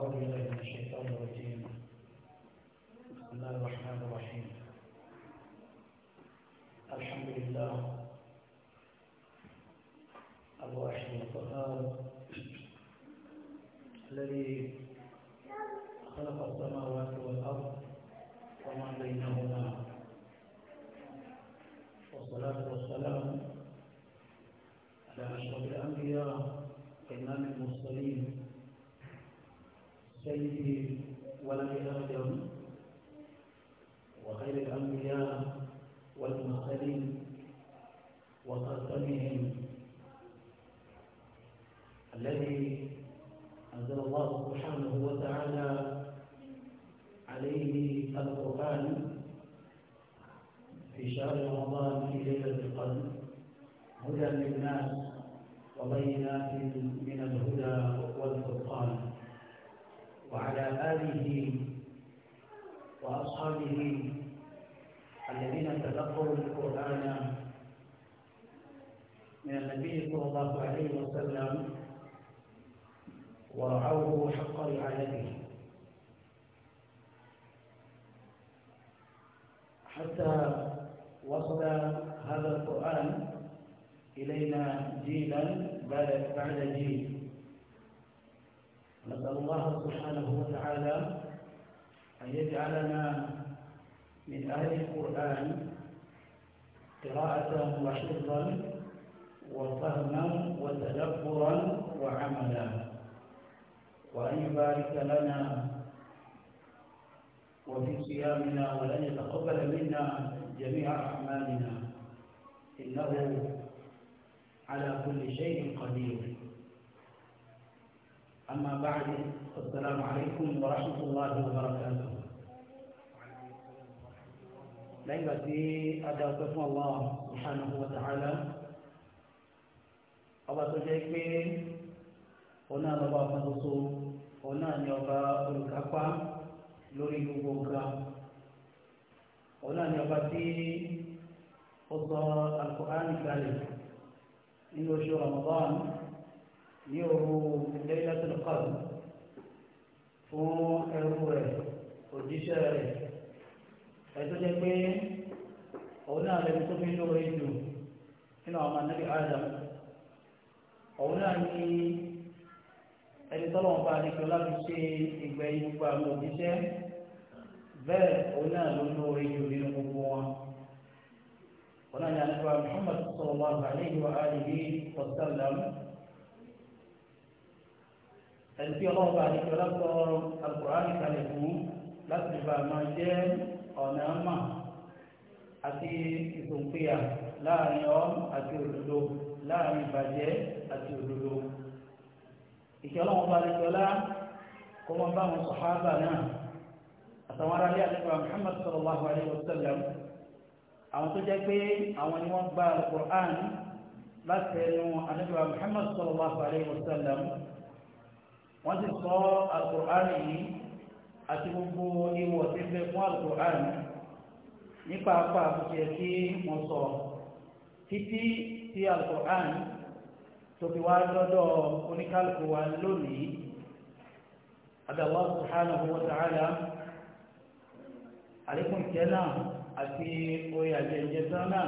أولياء إنه على كل شيء قدير أما بعد السلام عليكم ورحمة الله وبركاته لأن في أدعوكم الله سبحانه وتعالى ọba tó jẹ́ pé òun náà lọ́ba ọ̀kan ṣoṣo òun náà ni ọba olùkápá lórí gbogbo nǹkan òun náà ni ọba tí ọ̀sọ̀ alukur'ani kalẹ̀ nínú oṣù ramadan ní òru lailatul qadr fún ẹrú rẹ̀ òjíṣẹ́ rẹ̀ ẹ̀tọ́ jẹ́ pé òun náà lẹ́nu tó fi ń lóore jù nínú àwọn anábì adam òun náà ní ẹni tọ́lọ́wọ́n bá adékọ́ láti ṣe ìgbẹ́yìn gbogbo àwọn òjíṣẹ́ bẹ́ẹ̀ òun náà ló lóore jù nínú gbogbo wọn. ونحن نتبع محمد صلى الله عليه وآله وسلم ẹnití ọlọ́run bá yẹ kí ọlọ́sọ alukur'ani kalẹ̀ fún láti lè bá a máa jẹ́ ọ̀nà àmà àti ìsòǹpéyà láàrin ọ́ àti òdodo láàrin ìbàjẹ́ àti òdodo. ìṣẹ́ ọlọ́run bá yẹ kí ọlá bá àwọn sàhábà náà àtàwọn aráàlú àti ìbá Muhammad sallallahu alayhi wa àwọn tó jẹ́ pé àwọn ni wọ́n gba alukur'an láti ẹnu anabiwa muhammad sallallahu alayhi wa sallam wọ́n ti sọ alukur'an yìí àti gbogbo ìwọ̀ tí fẹ́ fún alukur'an nípa apá àkùtì tí wọ́n sọ títí tí alukur'an tó fi wá lọ́dọ̀ oníkálukú wa lónìí adàwọ̀ subhanahu wa ta'ala àlékún ìkẹ́ náà àti orí àjẹjẹ sáná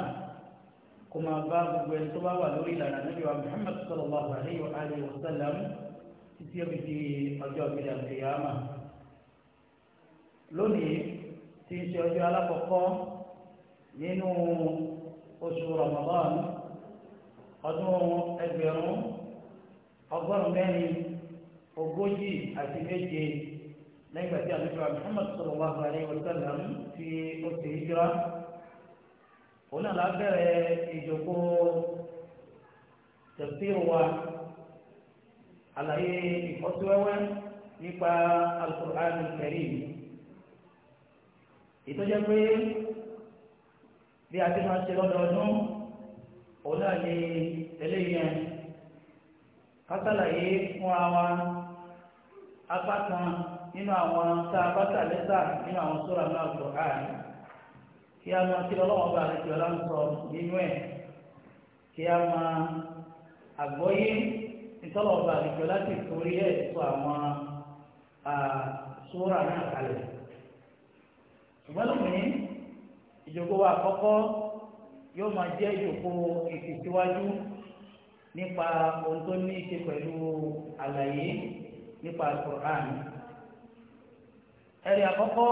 kó máa bá gbogbo ẹni tó bá wà lórí ìlànà níbi wa Muhammad sallallahu alayhi wa alihi wa sallam títí ó fi di ọjọ́ ìbílẹ̀ àkèyàmà lónìí tí ń ṣe ọjọ́ alákọ̀ọ́kọ́ nínú oṣù Ramadan ọdún ẹgbẹ̀rún ọgọ́rùn-ún mẹ́rin ogójì àti méje lẹ́yìn ìgbà tí àlejò Muhammad sallallahu alayhi wa sallam fi oṣù hijira òun náà lábẹ́rẹ́ ìjókòó tafsir wa àlàyé ìfọ́síwẹ́wẹ́ nípa al-Qur'an al-Karim ìtọ́jẹ́ pé bí a ti máa ṣe lọ́dọọdún òun ni eléyìí yẹn kásálàyé fún wa kan nínú àwọn tá a bá tà lẹ́sà nínú àwọn sóra náà kò áàyè kí a máa kí ọlọ́wọ́n bá àlejò ọlá ń sọ nínú ẹ̀ kí a máa àgbọ́yé ìtọ́lọ̀ bá àlejò láti torí ẹ̀ sọ àwọn sóra náà kalẹ̀ ṣùgbọ́n lónìí ìjókòó wa àkọ́kọ́ yóò máa jẹ́ ìjókòó ìtẹ̀síwájú nípa ohun tó ní í ṣe pẹ̀lú àlàyé nípa al ẹ̀rí àkọ́kọ́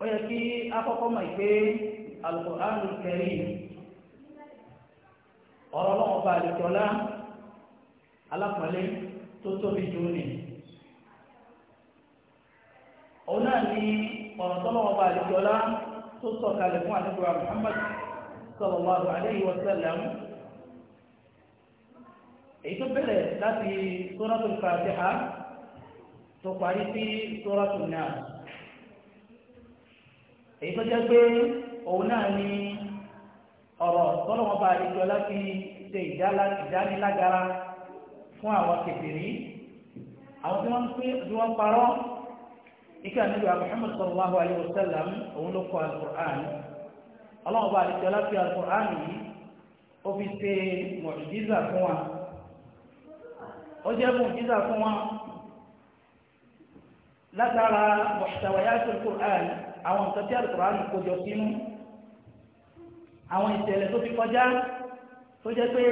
ó yẹ kí akọ́kọ́ mọ̀ pé Al-Qur'anul Karim ọ̀rọ̀ lọ́wọ́ bá àlejòlá alápọ̀lẹ́ tó tóbi jù ní. òun náà ní ọ̀rọ̀ tọ́lọ́wọ́ bá àlejòlá tó sọ̀kalẹ̀ fún àdúgbò Muhammad sallallahu alayhi wa sallam èyí tó bẹ̀rẹ̀ láti Suratul Fatiha. tó parí sí sóràtù náà èyí tó jẹ́ pé òun náà ni ọ̀rọ̀ tọ́lọ́wọ́n bá àlejò ṣe ìdánilágara fún àwọn kèfèrí àwọn tí wọ́n ń pè wọ́n parọ́ ike anabi muhammad sallam òun ló kọ alukur'an ọlọ́wọ́n bá àlejò láti yìí ó fi ṣe fún wa látara muhtawayat al-Qur'an àwọn nǹkan tí al-Qur'an kò jọ sínú àwọn ìṣẹ̀lẹ̀ tó fi kọjá tó jẹ́ pé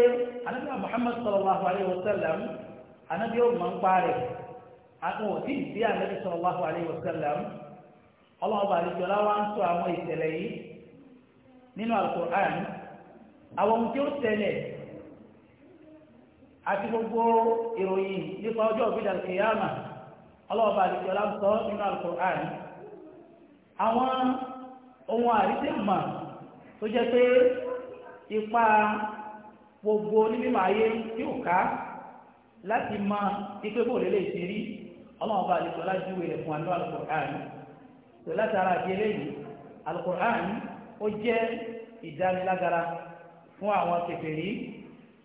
anabi muhammad sallallahu alayhi wa sallam anabi yóò máa ń parẹ́ àtún òtí ìdí anabi sallallahu alayhi wa sallam ọlọ́ọ̀bà àlejòlá wa ń sọ àwọn ìṣẹ̀lẹ̀ yìí nínú al àwọn tí ó ṣẹlẹ̀ àti gbogbo ìròyìn nípa ọjọ́ òbí dàlùkìyàmà ọlọ́ọ̀bá àti ìjọlá ń sọ nínú Al-Qur'an àwọn ohun àríṣẹ́ mọ̀ tó jẹ́ pé ipa gbogbo onímọ̀ ayé tí ò ká láti mọ ipé bò lélẹ̀ ìṣerí ọlọ́ọ̀bá àti júwe rẹ̀ fún àlọ́ Al-Qur'an tó látara àti eléyìí Al-Qur'an ó jẹ́ ìdánilágara fún àwọn kèfèrí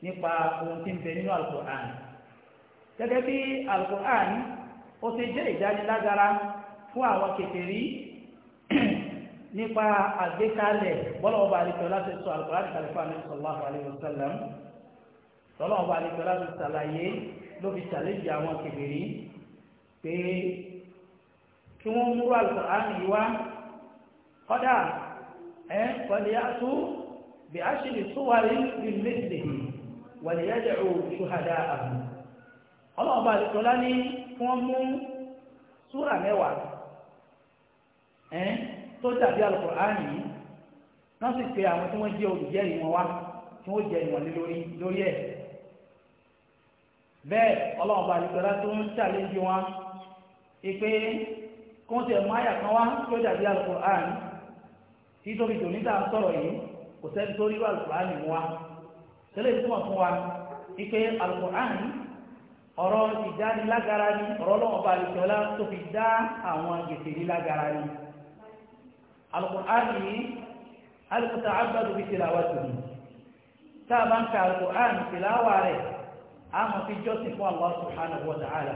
nípa ohun tí ń bẹ nínú Al-Qur'an gẹ́gẹ́ bí Al-Qur'an ó ti jẹ́ ìdánilágara fún àwọn kèfèrí nípa àgbékalẹ̀ bọ́lọ́wọ́ba àlejò láti sọ àlùkòrán ìkàlẹ̀ fún àlejò sallallahu alaihi wasallam tọ́lọ́wọ́ba àlejò láti sàlàyé ló fi ṣàlejò àwọn kèfèrí pé kí wọ́n múrú àlùkòrán yìí wá kọ́dà ẹ̀ pẹ̀lú yàtú bí a ṣe lè tó wà ní ìlú mẹ́sìlẹ̀ wà lè yẹ́dẹ̀ ọlọ́run bá àlejò ọlá ní kí wọ́n mú súrà mẹ́wàá ẹ̀ tó dàbí Al-Kùránì yìí wọ́n sì pe àwọn tí wọ́n jẹ́ olùjẹ́rìí wọn wá tí wọ́n jẹ́ ìwọ̀n lórí lórí ẹ̀ bẹ́ẹ̀ ọlọ́run bá àlejò ọlá tó ń ṣàlejò wọn ìpè kí wọ́n ti ẹ̀ mú àyà kan wá tó dàbí Al-Kùránì tí tóbi tò níta sọ̀rọ̀ yìí kò sẹ́ni tó rí Al-Kùránì wọn wá tẹ́lẹ̀ tí wọ́n fún wa ìpè Al-Kùránì ọ̀rọ̀ ìdánilágara ni ọ̀rọ̀ lọ́wọ́ bá àlejò ọlá tó fi dá àwọn gèsèlé lágara ni alukur'ani alikuta agbado fi tilawa tòun tá a bá ń ka alukur'ani tilawa rẹ̀ a máa fi jọ́sìn fún Allah subhanahu wa ta'ala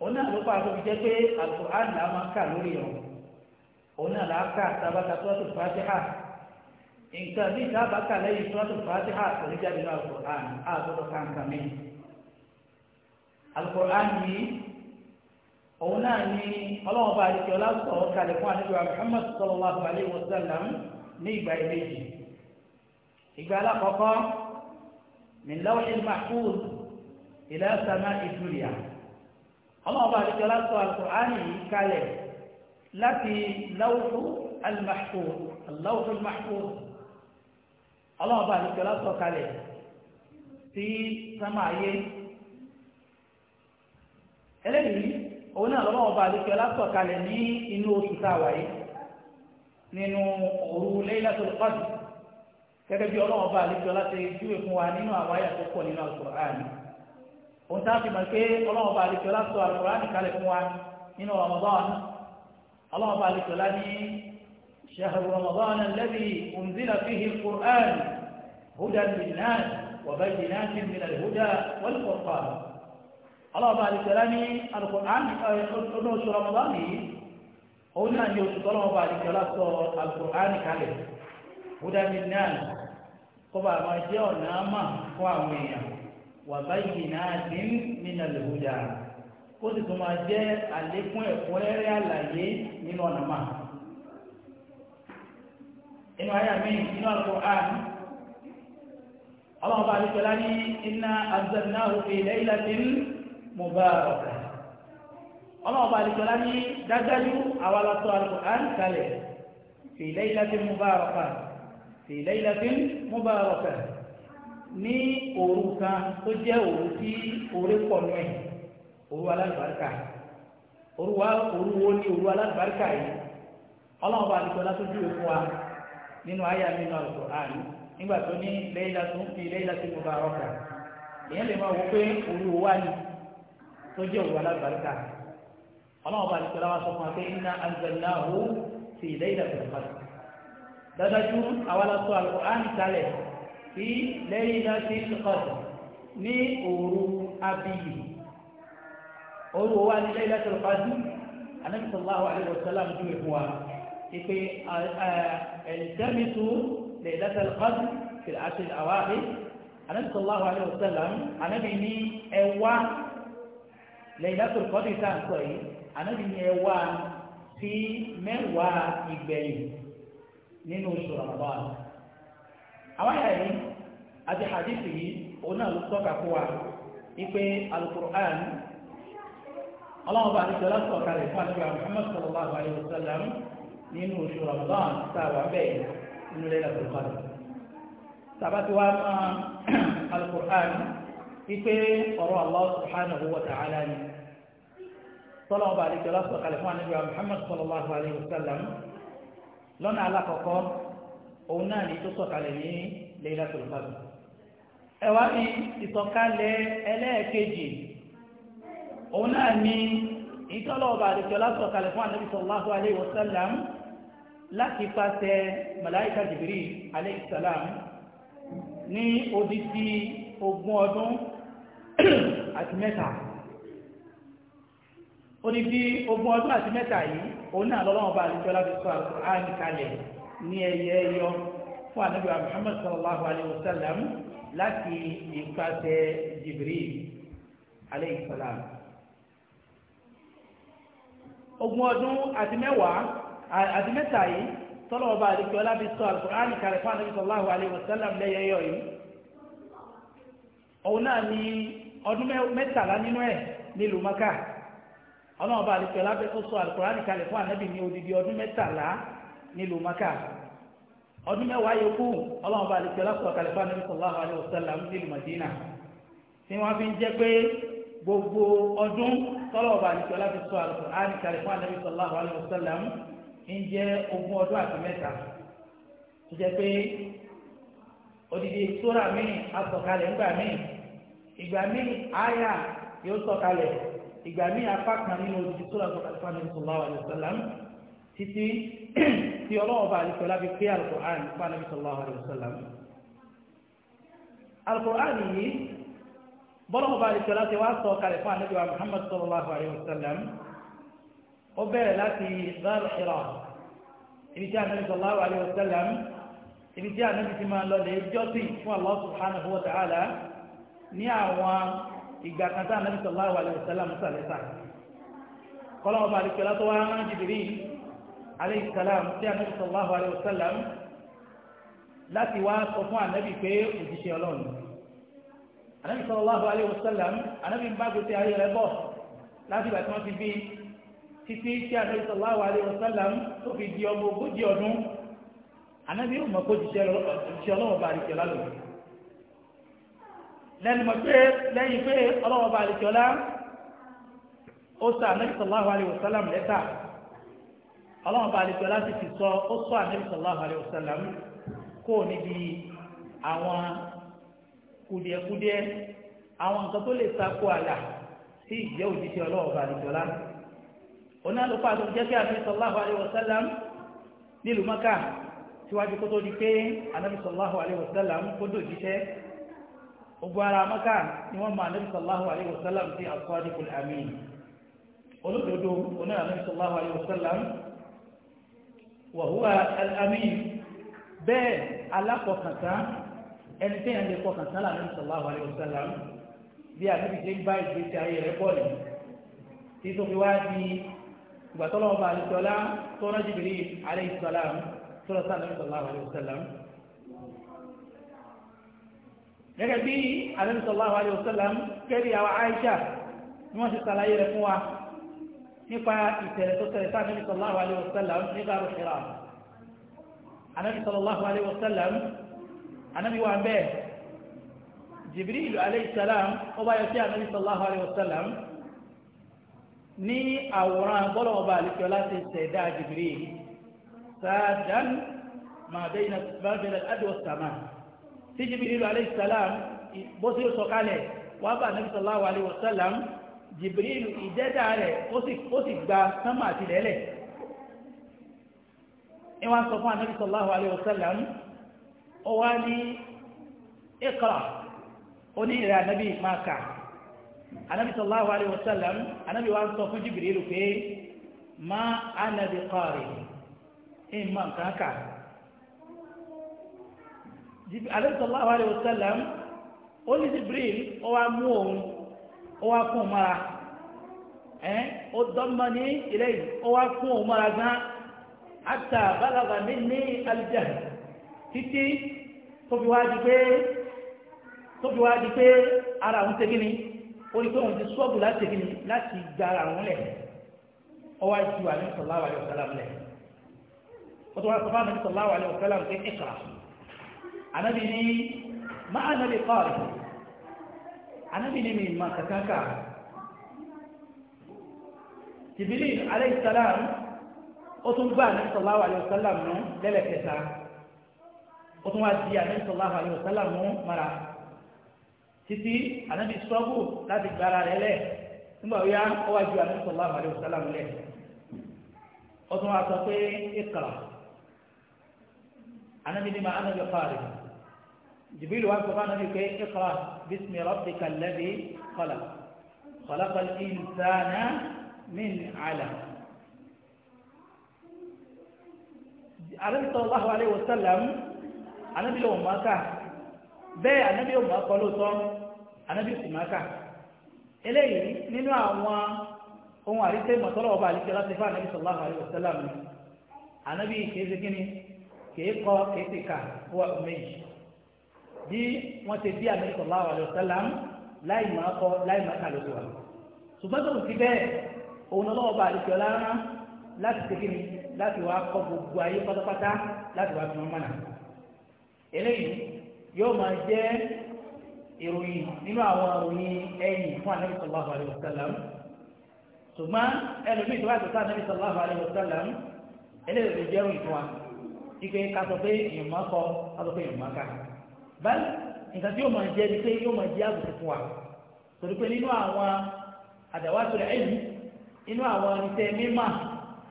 òun náà ló pàṣẹ fi jẹ́ pé alukur'ani la máa ń kà lórí ọ̀ òun náà la kà sábàtà suratul Fatiha nǹkan bí alukur'an yìí òun náà ní ọlọ́wọ́n bá àdìsí ọlá sọ̀rọ̀ kalẹ̀ fún àdìsí wa muhammad sallallahu alayhi wa sallam ní ìgbà ìbejì ìgbà alákọ̀ọ́kọ́ min lawhil mahfuz ila sama'i dunya ọlọ́wọ́n bá àdìsí ọlá sọ̀rọ̀ alukur'an yìí kalẹ̀ láti lawhu al-mahfuz lawhu al-mahfuz ọlọ́wọ́n bá àdìsí ọlá sọ̀rọ̀ kalẹ̀ sí sàmà ayé. eléyìí òun náà lọ́wọ́ ọba àdékẹ́ lásọ̀kalẹ̀ ní inú oṣù táwa yìí nínú òru Laylatul Qadr gẹ́gẹ́ bí ọlọ́wọ́ ọba àdékẹ́ láti júwe fún wa nínú àwọn àyà tó pọ̀ nínú Al-Qur'ani òun tá a fi mọ̀ pé ọlọ́wọ́ ọba àdékẹ́ lásọ Al-Qur'ani kalẹ̀ fún wa nínú Ramadan ọlọ́wọ́ ọba àdékẹ́ lá ní shahru Ramadan alladhi unzila ọlọ́ọ̀bá àdìsẹ́lá ní eh, ọdún oṣù ramadan yìí òun náà ní oṣù tọ́lọ́ọ̀bá àdìsẹ́lá sọ alukur'an kalẹ̀ hudani náà kọba àwọn ẹjẹ́ ọ̀nà àmà fún àwọn èèyàn wà báyìí náà ti ń nínú àlùhùdà ó sì tún máa jẹ́ àlékún ẹ̀kúnrẹ́rẹ́ àlàyé nínú ọ̀nà àmà. inú ayé mi nínú alukur'an ọlọ́ọ̀bá àdìsẹ́lá ní iná azẹ́nà òfin lẹ́yìn láti ń. mubaraka ọlọ́wọ́ bá ní dájájú àwa la sọ al kalẹ̀ fi laylatin mubaraka fi laylatin mubaraka ní òru kan tó jẹ́ òru tí pọ̀ nù ẹ̀ òru òru wa òru wo ni òru alábàárikà yìí ọlọ́wọ́ bá àdìsọ́lá tó dúró fún wa nínú àyà nínú Al-Qur'an nígbà tó ní fi laylatin mubaraka ìyẹn tó jẹ́ òwú alágbàríkà ọlọ́run bá ti tẹ́lá wa sọ fún wa pé iná anzalnahu fi laylatil qadr dájú àwa la sọ Al-Qur'an kalẹ̀ fi laylatil qadr ní òru abiyì òru wa ní laylatil qadr Ànábì sallallahu alaihi wasallam ju ìfún wa ìpè ẹ̀ẹ́dẹ́mìtú laylatil qadr fi al-ashr al-awakhir Ànábì sallallahu alaihi wasallam ní ẹ̀wá. Laylatul Qadr tá à ń sọ yìí ànábì ni ẹ wá sí mẹ́wàá ìgbẹ̀yìn nínú oṣù Ramadan àwọn àyà yìí àti hadithi yìí òun náà ló tọ́ka fún wa ipe alukur'an ọlọ́run bá àdìsọ́ lásìkò kalẹ̀ fún àdìsọ́ Muhammad sallallahu alayhi wa sallam nínú oṣù Ramadan tá a wà bẹ́ẹ̀ nínú Laylatul Qadr sabati wa ma alukur'an ipe ọ̀rọ̀ Allah subhanahu wa ta'ala ni tọ́lá ọba àdìjọ lọ́sọ̀ kalẹ̀ fún àníbi wa muhammad sallallahu alayhi wa sallam lọ́nà alákọ̀ọ́kọ́ òun náà ní tó sọ̀kalẹ̀ ní laylatul qadr ẹ wá ní ìsọ̀kalẹ̀ ẹlẹ́ẹ̀kejì òun náà ní ìtọ́lá ọba àdìjọ lọ́sọ̀ kalẹ̀ fún àníbi sallallahu alayhi wa sallam láti pàṣẹ malaika jibril alayhi salam ní odidi ogún ọdún àti mẹ́ta. ó ní bí ogún ọdún àti mẹ́ta yìí òun náà lọ́lọ́wọ́ bá sọ ní ẹyẹ ẹyọ fún ànábì muhammad sallallahu alayhi wa sallam láti ìpàṣẹ jibril alayhi salam Ogun ọdún àti mẹ́wàá àti mẹ́ta yìí tọ́lọ́wọ́ bá sọ fún sallallahu alayhi wa sallam lẹ́yẹ ẹyọ yìí òun náà ní ọdún mẹ́tàlá nínú ẹ̀ maka ọlọ́run bá àlùkò lábẹ́ ó sọ àlùkùránì kalẹ̀ fún ànábì ní odidi ọdún mẹ́tàlá nílùú maka ọdún mẹ́wàá yòókù ọlọ́run bá àlùkò lásọ̀ kalẹ̀ fún ànábì sallallahu alaihi wasallam nílùú madina tí wọ́n fi ń jẹ́ pé gbogbo ọdún tọ́lọ̀ bá àlùkò láti sọ àlùkùránì kalẹ̀ fún ànábì sallallahu alaihi wasallam ń jẹ́ ogún ọdún àti mẹ́ta tó jẹ́ pé odidi sóra míì asọ̀kalẹ̀ ńgbà míì ìgbà ìgbà míì apá kan nínú odi tó lọ́sọ̀ kàlífà ní sallallahu alaihi wasallam títí tí ọlọ́wọ́ bá àlùkò lábẹ́ pé alukur'an fún anabi sallallahu alaihi wasallam. alukur'an yìí bọ́lọ́wọ́ bá àlùkò láti wá sọ kàlífà anabi wa muhammad sallallahu alaihi wasallam ó bẹ̀rẹ̀ láti dhal hira ibi tí anabi sallallahu alaihi wasallam ibi tí anabi ti máa lọ lè jọ́sìn fún allah subhanahu ní àwọn ìgbà kan tá ànábì sallallahu alaihi wasallam sàlẹ́sà kọ́lọ́wọ́ bá àdìsọ́lá tó wá rán jìbìrì alayhi salam sí ànábì sallallahu alaihi wasallam láti wá sọ fún ànábì pé òjíṣẹ́ ọlọ́run ànábì sallallahu alaihi wasallam ànábì ń bá gbèsè ayé rẹ bọ̀ láti ìgbà tí ti bí títí tí ànábì sallallahu alaihi wasallam tó fi di ọmọ ogójì ọdún ànábì ò mọ̀ pé òjíṣẹ́ ọlọ́run bá àdìsọ́lá lòdì lẹ́nu mọ̀ pé lẹ́yìn pé ọlọ́wọ́ bá àlejòlá ó sọ ànábì sallallahu alayhi wa sallam lẹ́tà ọlọ́wọ́ bá àlejòlá sì ti sọ ó sọ ànábì sallallahu alayhi wa sallam kó o níbi àwọn kùdìẹ̀kùdìẹ̀ àwọn nǹkan tó lè sako àlà sí ìjẹ́ òjíṣẹ́ ọlọ́wọ́ bá àlejòlá oní àlùfáà tó jẹ́ kí ànábì sallallahu alayhi wa sallam nílùú Mákà síwájú kó di pé ànábì alayhi wa sallam kó dòjíṣẹ́ gbogbo ara maka ni wọ́n máa nẹ́bí sallahu alayhi wa sallam sí as-sadiqul amin olódodo onáà nẹ́bí sallahu alayhi wa sallam wa huwa al-amin bẹ́ẹ̀ alákọ̀ọ̀kàtà ẹni tẹ́yàn lè kọ̀ọ̀kàtà là nẹ́bí sallahu alayhi wa sallam bí àbíbi ṣe ń bá ìgbésí ayé rẹ̀ bọ̀ nìyí tí tó fi wá di ìgbà tọ́lọ́wọ́ bá tọ́lá Jibril alayhi salam tọ́lá sàn nẹ́bí alayhi wa sallam gẹ́gẹ́ bí Ànábì sallallahu alaihi wasallam kẹ́rì àwọn Aisha ni wọ́n ti sàlàyé rẹ̀ fún wa nípa ìtẹ̀rẹ̀ tó tẹ̀rẹ̀ sáà Ànábì sallallahu alaihi wasallam nípa rùsìrà Ànábì sallallahu alaihi wasallam Ànábì wa bẹ́ẹ̀ Jibril alaihi salam ó bá yọ sí Ànábì sallallahu alaihi wasallam ní àwòrán bọ́lọ̀ ọba àlùkò tí jibril alayhi salam bó ti sọ kalẹ̀ wà bá nabi sallallahu alayhi wa sallam jibril ìdẹ́dà rẹ̀ ó sì gba sánmà àti lẹ́lẹ̀ ìwọ̀n sọ fún anabi sallallahu alayhi wa sallam ó wá ní iqra ó ní ìrẹ̀ anabi máa kà anabi sallallahu alayhi wa sallam anabi wa sọ fún jibril pé ma ana biqari ìmọ̀ nǹkan kà alẹ́sọ̀láwà rẹ̀ ọ̀sẹ̀lẹ̀m ó ní jibril ó wá mú òun ó wá fún òun mara ẹ́n ó dọ́mọ́ ní ilé yìí ó wá fún òun mara gan àtà bálàgà mi ní alìjẹ́ títí tó fi wá di pé tó fi wá di pé ara òun tegi ni ó ní pé òun ti sọ́ọ̀bù láti tegi ni láti gba ara òun lẹ̀ ó wá ju alẹ́sọ̀láwà rẹ̀ ọ̀sẹ̀lẹ̀m lẹ̀ ó tó wá sọ fún alẹ́sọ̀láwà rẹ̀ ọ̀sẹ̀lẹ̀m pé ẹ̀kọ́ anábì ní máa nábì kọ́ọ̀rì anábì ní mi mọ̀ kàkàkà jìbìlì aláìsàlám ó tún gbá ànábì sallallahu alaihi wasallam nù lẹ́lẹ̀kẹta ó tún wá di ànábì sallallahu alaihi wasallam nù mara títí ànábì sọ́gù láti gbára rẹ̀ lẹ̀ nígbà wíyá ó wá ju ànábì sallallahu wasallam sọ pé جبريل وقف معنا يقول اقرأ باسم ربك الذي خلق خلق الإنسان من علم النبي صلى الله عليه وسلم النبي لو مكة bẹ́ẹ̀ anábì ò máa kọ lóòótọ́ anábì sì máa kà eléyìí nínú àwọn ohun àríṣẹ́ ìmọ̀tọ́lọ́ ọba àlíṣẹ́ láti fún anábì sallallahu alaihi wasallam anábì kìí ṣe kíni kìí kọ kìí ṣe kà wọ́n méjì bí wọ́n ti bí Ànábì sallallahu alaihi wasallam láì máa kọ láì máa kà lóṣù wa ṣùgbọ́n tó ti bẹ́ẹ̀ òun ọlọ́wọ́ bá àlùfẹ́ ọlọ́run láti ṣe kíni láti wá kọ gbogbo ayé pátápátá láti wá fi wọn mọ̀nà eléyìí yóò máa jẹ́ ìròyìn nínú àwọn ìròyìn ẹ̀yìn fún Ànábì sallallahu alaihi wasallam ṣùgbọ́n ẹlòmíì tó wá ti sá Ànábì sallallahu alaihi wasallam báyìí nǹkan tí yóò máa jẹ́ ni pé yóò máa jẹ́ àbùkù fún wa torí pé nínú àwọn àdàwà tó rẹ̀ ẹ̀yìn nínú àwọn iṣẹ́ mímọ́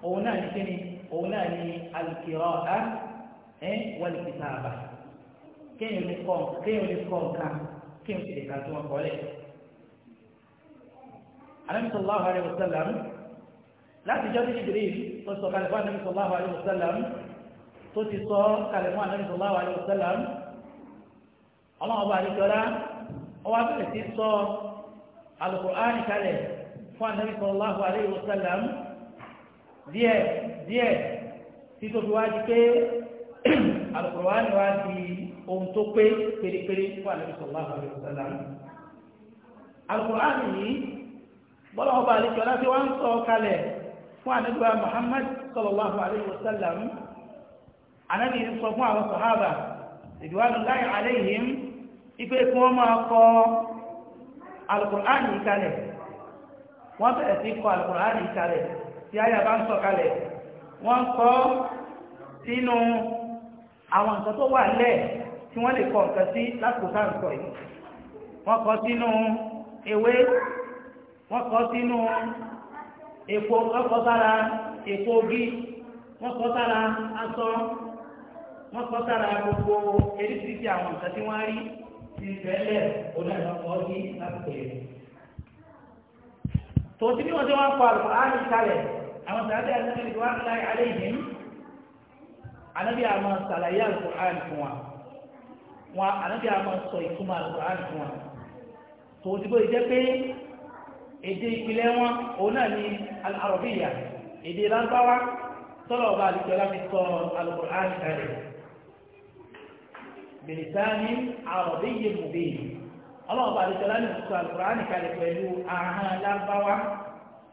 òun náà ní kíni òun náà ní al-qira'ah wal-kitabah kéèyàn lè kọ́ kéèyàn lè kọ́ nǹkan kéèyàn sì lè ka tó wọn kọ́ lẹ̀. Ànábì sallallahu alaihi wasallam láti jọ́ títí dèrè tó sọ kalẹ̀ fún Ànábì sallallahu alaihi wasallam tó ti sọ kalẹ̀ fún Ànábì sallallahu alaihi wasallam ọlọ́wọ́n bá àdéjọ́lá ọwọ́ abẹ́rẹ́ sí sọ Al-Qur'ani kalẹ̀ fún anabi sallallahu alayhi wa sallam díẹ̀ díẹ̀ tí tó fi wá di pé Al-Qur'ani wá di ohun tó pé pérépéré fún anabi sallallahu alayhi wa sallam Al-Qur'ani yìí bọ́lọ́wọ́n bá àdéjọ́lá tí wọ́n ń sọ kalẹ̀ fún anabi wa Muhammad sallallahu alayhi wa sallam anabi sọ fún àwọn sahaba ìdíwánu láyé alayhim ipe kí wọ́n máa kọ alukur'ani kalẹ̀ wọ́n bẹ̀rẹ̀ sí kọ alukur'ani kalẹ̀ tí àyà bá ń sọ kalẹ̀ wọ́n kọ sínú àwọn nǹkan tó wà lẹ̀ tí wọ́n lè kọ nǹkan sí lásìkò tá à ń sọ yìí wọ́n kọ sínú ewé wọ́n kọ sínú èpo wọ́n kọ sára èpo ogi wọ́n kọ sára aṣọ wọ́n kọ sára gbogbo eréṣiríṣi àwọn nǹkan tí wọ́n rí ti bẹ́lẹ̀ onáìlọ́kọ́ sí lásìkò yẹn. tòtí bí wọ́n ti wọ́n kọ àlùkò áàlì kalẹ̀ àwọn sàbẹ̀ àti wọ́n láì alẹ́ ìhìn anábì àmọ́ sàlàyé àlùkò áàlì fún wa wọn anábì àmọ́ sọ ìtumọ̀ àlùkò áàlì fún wa tòtí bó jẹ́ pé èdè ìpìlẹ̀ wọn òun náà ni al-Arabiyya èdè lárúbáwá tọ́lọ̀ ọba àlùkò láti kalẹ̀ bìrìsánì àròbí yìí mú bí ọlọ́run bá àdìsọ́lá ní ìsọ àlùkùránì kalẹ̀ pẹ̀lú ahọ́n lábáwá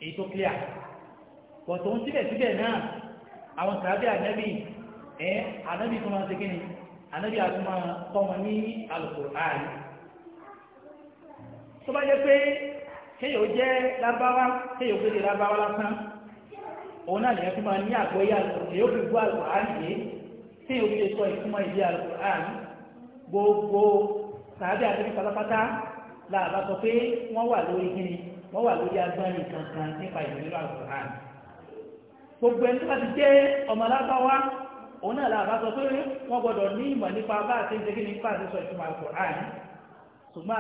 èyí tó kílíà pọ̀tò ń síbẹ̀síbẹ̀ náà àwọn sàbẹ̀ ànábì ẹ̀ ànábì tó máa ń segin ni anabi àtúmọ̀ kọ́ wọn ní àlùkùránì tó bá yẹ pé kéyò jẹ́ lábáwá gbogbo sàádé àti pátápátá làbá sọ pé wọ́n wà lórí kíni wọ́n wà lórí agbáni kankan nípa ìdílé àlùkùrán gbogbo ẹni tó bá ti jẹ́ ọmọ lábáwá òun náà làbá sọ pé wọ́n gbọ́dọ̀ ní nípa bá àti nípa àti sọ kò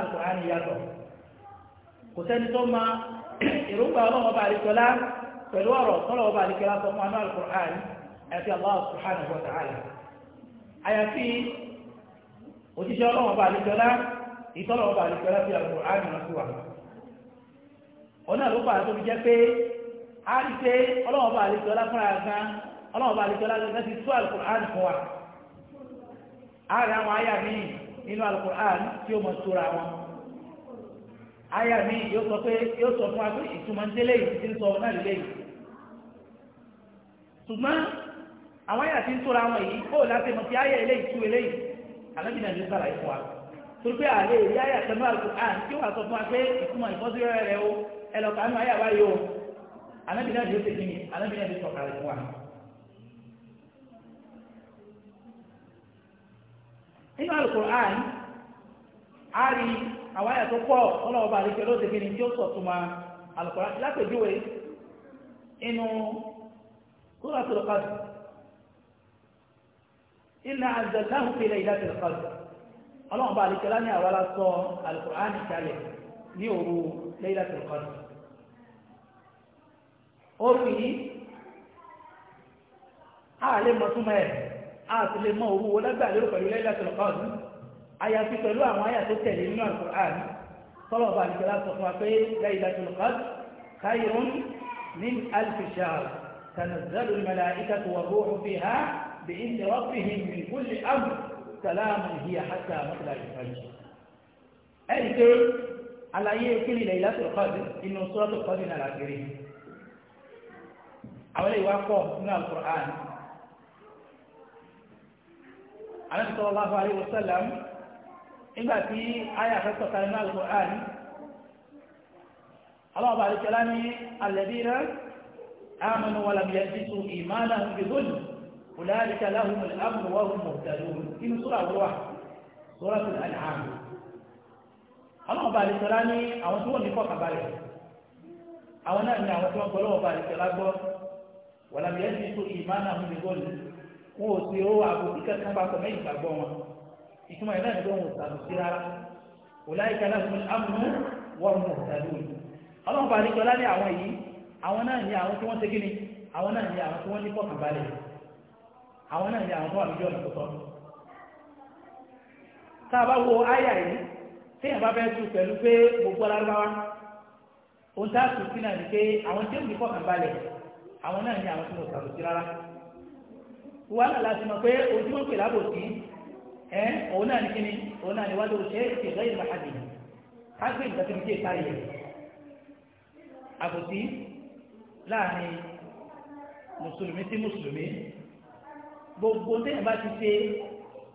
tó máa èròǹgbà ọlọ́wọ́ bá àríkọlá pẹ̀lú ọ̀rọ̀ tọ́lọ́wọ́ bá àríkọlá sọ fún àti ta'ala àyàfi òṣìṣẹ́ ọlọ́wọ́n bá àlejọ́lá ìtọ́lọ́wọ́n bá àlejọ́lá fi àlùkò àrùn àti wà ọ̀nà ló pàdé tó fi jẹ́ pé a rí pé ọlọ́wọ́n bá àlejọ́lá fúnra gan ọlọ́wọ́n bá àlejọ́lá lọ́sẹ̀ ti tú àlùkò àrùn fún wa a rí àwọn àyà míì nínú àlùkò àrùn tí ó mọ tóra wọn àyà míì yóò sọ pé yóò sọ fún wa pé ìtumọ̀ ń délé yìí ti ń sọ náà lélẹ̀ yìí ṣùgbọ́n àwọn àyà ti ń tóra wọn yìí ó láti mọ̀ sí àlọ́bí náà ló sàlàyé fún wa torí pé àlè ìyá àyà tẹnu àlùkò à kí wàá sọ fún wa pé ìtumọ̀ ìfọ́síwẹ́rẹ́ rẹ o ẹ lọ kàánú àyà wáyé o àlọ́bí náà ló tẹ̀lé mi àlọ́bí náà ló sọ kàlẹ̀ fún wa. nínú àlùkò à ń a rí àwọn àyà tó pọ̀ ọlọ́wọ́ bá àlejò ló tẹ̀lé mi tí ó sọ tuma àlùkò lápèjúwe inú kúrò àtúrò kàdùn ilẹ̀ àzẹ̀láhù ilẹ̀ ilẹ̀ tẹ̀lẹ̀kọ́lù ọlọ́run bá alìkẹ́lá ní àwọn aláṣọ alìkùránì kalẹ̀ ní òru lẹ́ilẹ̀ tẹ̀lẹ̀kọ́lù òru yìí a lè mọ̀ túnmọ̀ ẹ̀ a sì lè mọ̀ òru olágbà lérò pẹ̀lú lẹ́ilẹ̀ tẹ̀lẹ̀kọ́lù àyàfi pẹ̀lú àwọn àyà tó tẹ̀lé nínú alìkùránì tọ́lọ̀ bá alìkẹ́lá بإذن ربهم من كل أمر سلام هي حتى مطلع الفجر أي كي على كل ليلة القدر إنه سورة القدر على كريم أولي واقع من القرآن النبي صلى الله عليه وسلم إذا في آية فتقى من القرآن الله بعد كلامه الذين آمنوا ولم يلبسوا إيمانهم بظلم أولئك لهم الأمر وهم مهتدون إن سورة الروح سورة الأنعام àwọn ọba àlìsọlá ní àwọn tí wọn ní kọkàbalẹ̀ àwọn náà ní àwọn tí wọn gbọlọwọ ọba àlìsọlá gbọ́ wàlàbí ẹsìn tó ìmánà àwọn ìdìbò ní wọn ò sí owó àbò kíkà kan bá sọ mẹyìn gbàgbọ́ wọn ìtumọ̀ ẹ̀ náà ní wọn ò sàbò sí rárá wòláyé kan láti amú wọn mú tàbí òní àwọn ọba àlìsọlá ní àwọn yìí àwọn náà ní àwọn tí wọn ṣe kíni àwọn náà ní àwọn tí wọn ní kọkàbalẹ̀ àwọn náà ní àwọn tó wà lójú ọ̀nà tó tọ́ tá a bá wo àyà yìí téèyàn bá fẹ́ tu pẹ̀lú pé gbogbo alárúbáwá ohun tá a tù sí náà ni pé àwọn tí ó ní kọ̀ọ̀kan balẹ̀ àwọn náà ní àwọn tí mo sàbòsí rárá wàhálà láti mọ̀ pé ojú ó pè lábòsí ẹ òun náà ní kíni òun náà ní wájú ṣe é ṣe lẹ́yìn màhàdì ká gbé ìgbà tó ń ké káyè àbòsí láàrin mùsùlùmí sí mùsùlùmí gbogbo téèyàn bá ti ṣe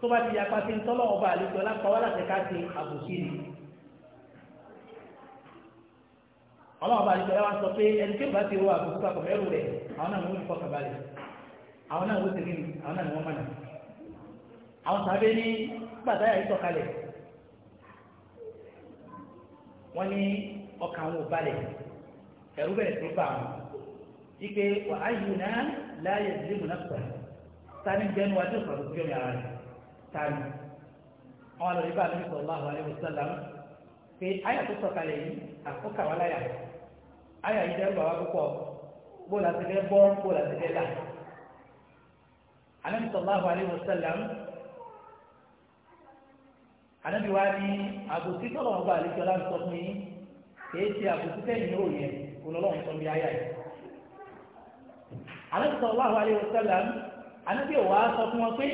tó bá ti yapa sí ntọ́lọ́ ọba àlejò lápáwá láti ká ṣe àbòsí ni. ọlọ́wọ́ ọba àlejò láwọn sọ pé ẹni tí ìbá ti wọ àbòsí papọ̀ mẹ́rù rẹ̀ àwọn náà ni wọ́n ti fọkàn balẹ̀ àwọn náà wọ́n ti rí àwọn náà ni wọ́n mọ̀nà. àwọn sábẹ́ ní gbàdáyà yìí sọ̀kalẹ̀ wọ́n ní ọkàn àwọn ò ẹ̀rú bẹ̀rẹ̀ sí bá àwọn. ike wà yìí náà láyé ìdílé mùnà pẹ̀lú tani bẹnu wa tí o sọ̀rọ̀ sójú mi ara rẹ̀ tani àwọn àlọ́ ibà níbi sallallahu alaihi wasallam pé àyà tó sọ̀kalẹ̀ yìí àkókò àwọn aláyà àyà yìí dẹ́rù bàbá púpọ̀ bóòlù àti bẹ́ẹ̀ bọ́ bóòlù àti bẹ́ẹ̀ là ànábi sallallahu alaihi wasallam ànábi wa ni àbòsí tọ́lọ̀ ọba àlejò aláǹ sọ fún yín kìí ṣe àbòsí tẹ́yìn yóò yẹ olólùwọ̀n sọ bí àyà yìí ànábi sallallahu alaihi wasallam anábì ò wá sọ fún wọn pé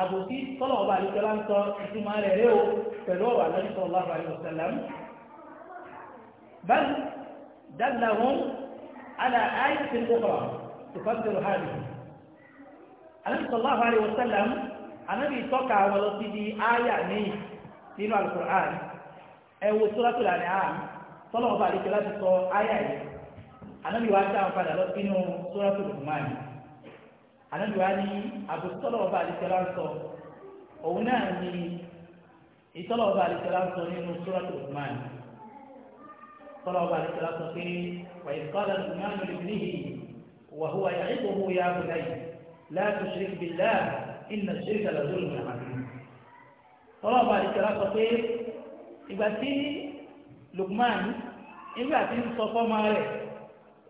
àbòsí tọ́lọ̀ ọba àlejò lá ń sọ ìtumọ̀ rẹ̀ rẹ̀ o pẹ̀lú ọ̀rọ̀ anábì sallallahu alaihi wasallam bal dallahum ala ayatin ukhra tufaddilu hadhihi anábì sallallahu alaihi wasallam anábì tọ́ka àwọn lọ sí di áyà ní nínú al-Qur'an ẹ wo suratul An'am tọ́lọ̀ ọba àlejò láti sọ áyà yìí anábì wá dáhùn padà lọ sínú suratul ànábì wa ní àbòsítọ́lọ̀ ọba àdìsẹ́lá ń sọ òun náà ní ìtọ́lọ̀ ọba àdìsẹ́lá ń sọ nínú sóràtò Luqman tọ́lọ̀ ọba àdìsẹ́lá sọ pé وإذ قال لقمان لابنه وهو يعظه يا بني لا تشرك بالله إن الشرك لظلم عظيم tọ́lọ̀ ọba àdìsẹ́lá sọ pé ìgbà tí Luqman ìgbà tí ń sọ fọ́mọ rẹ̀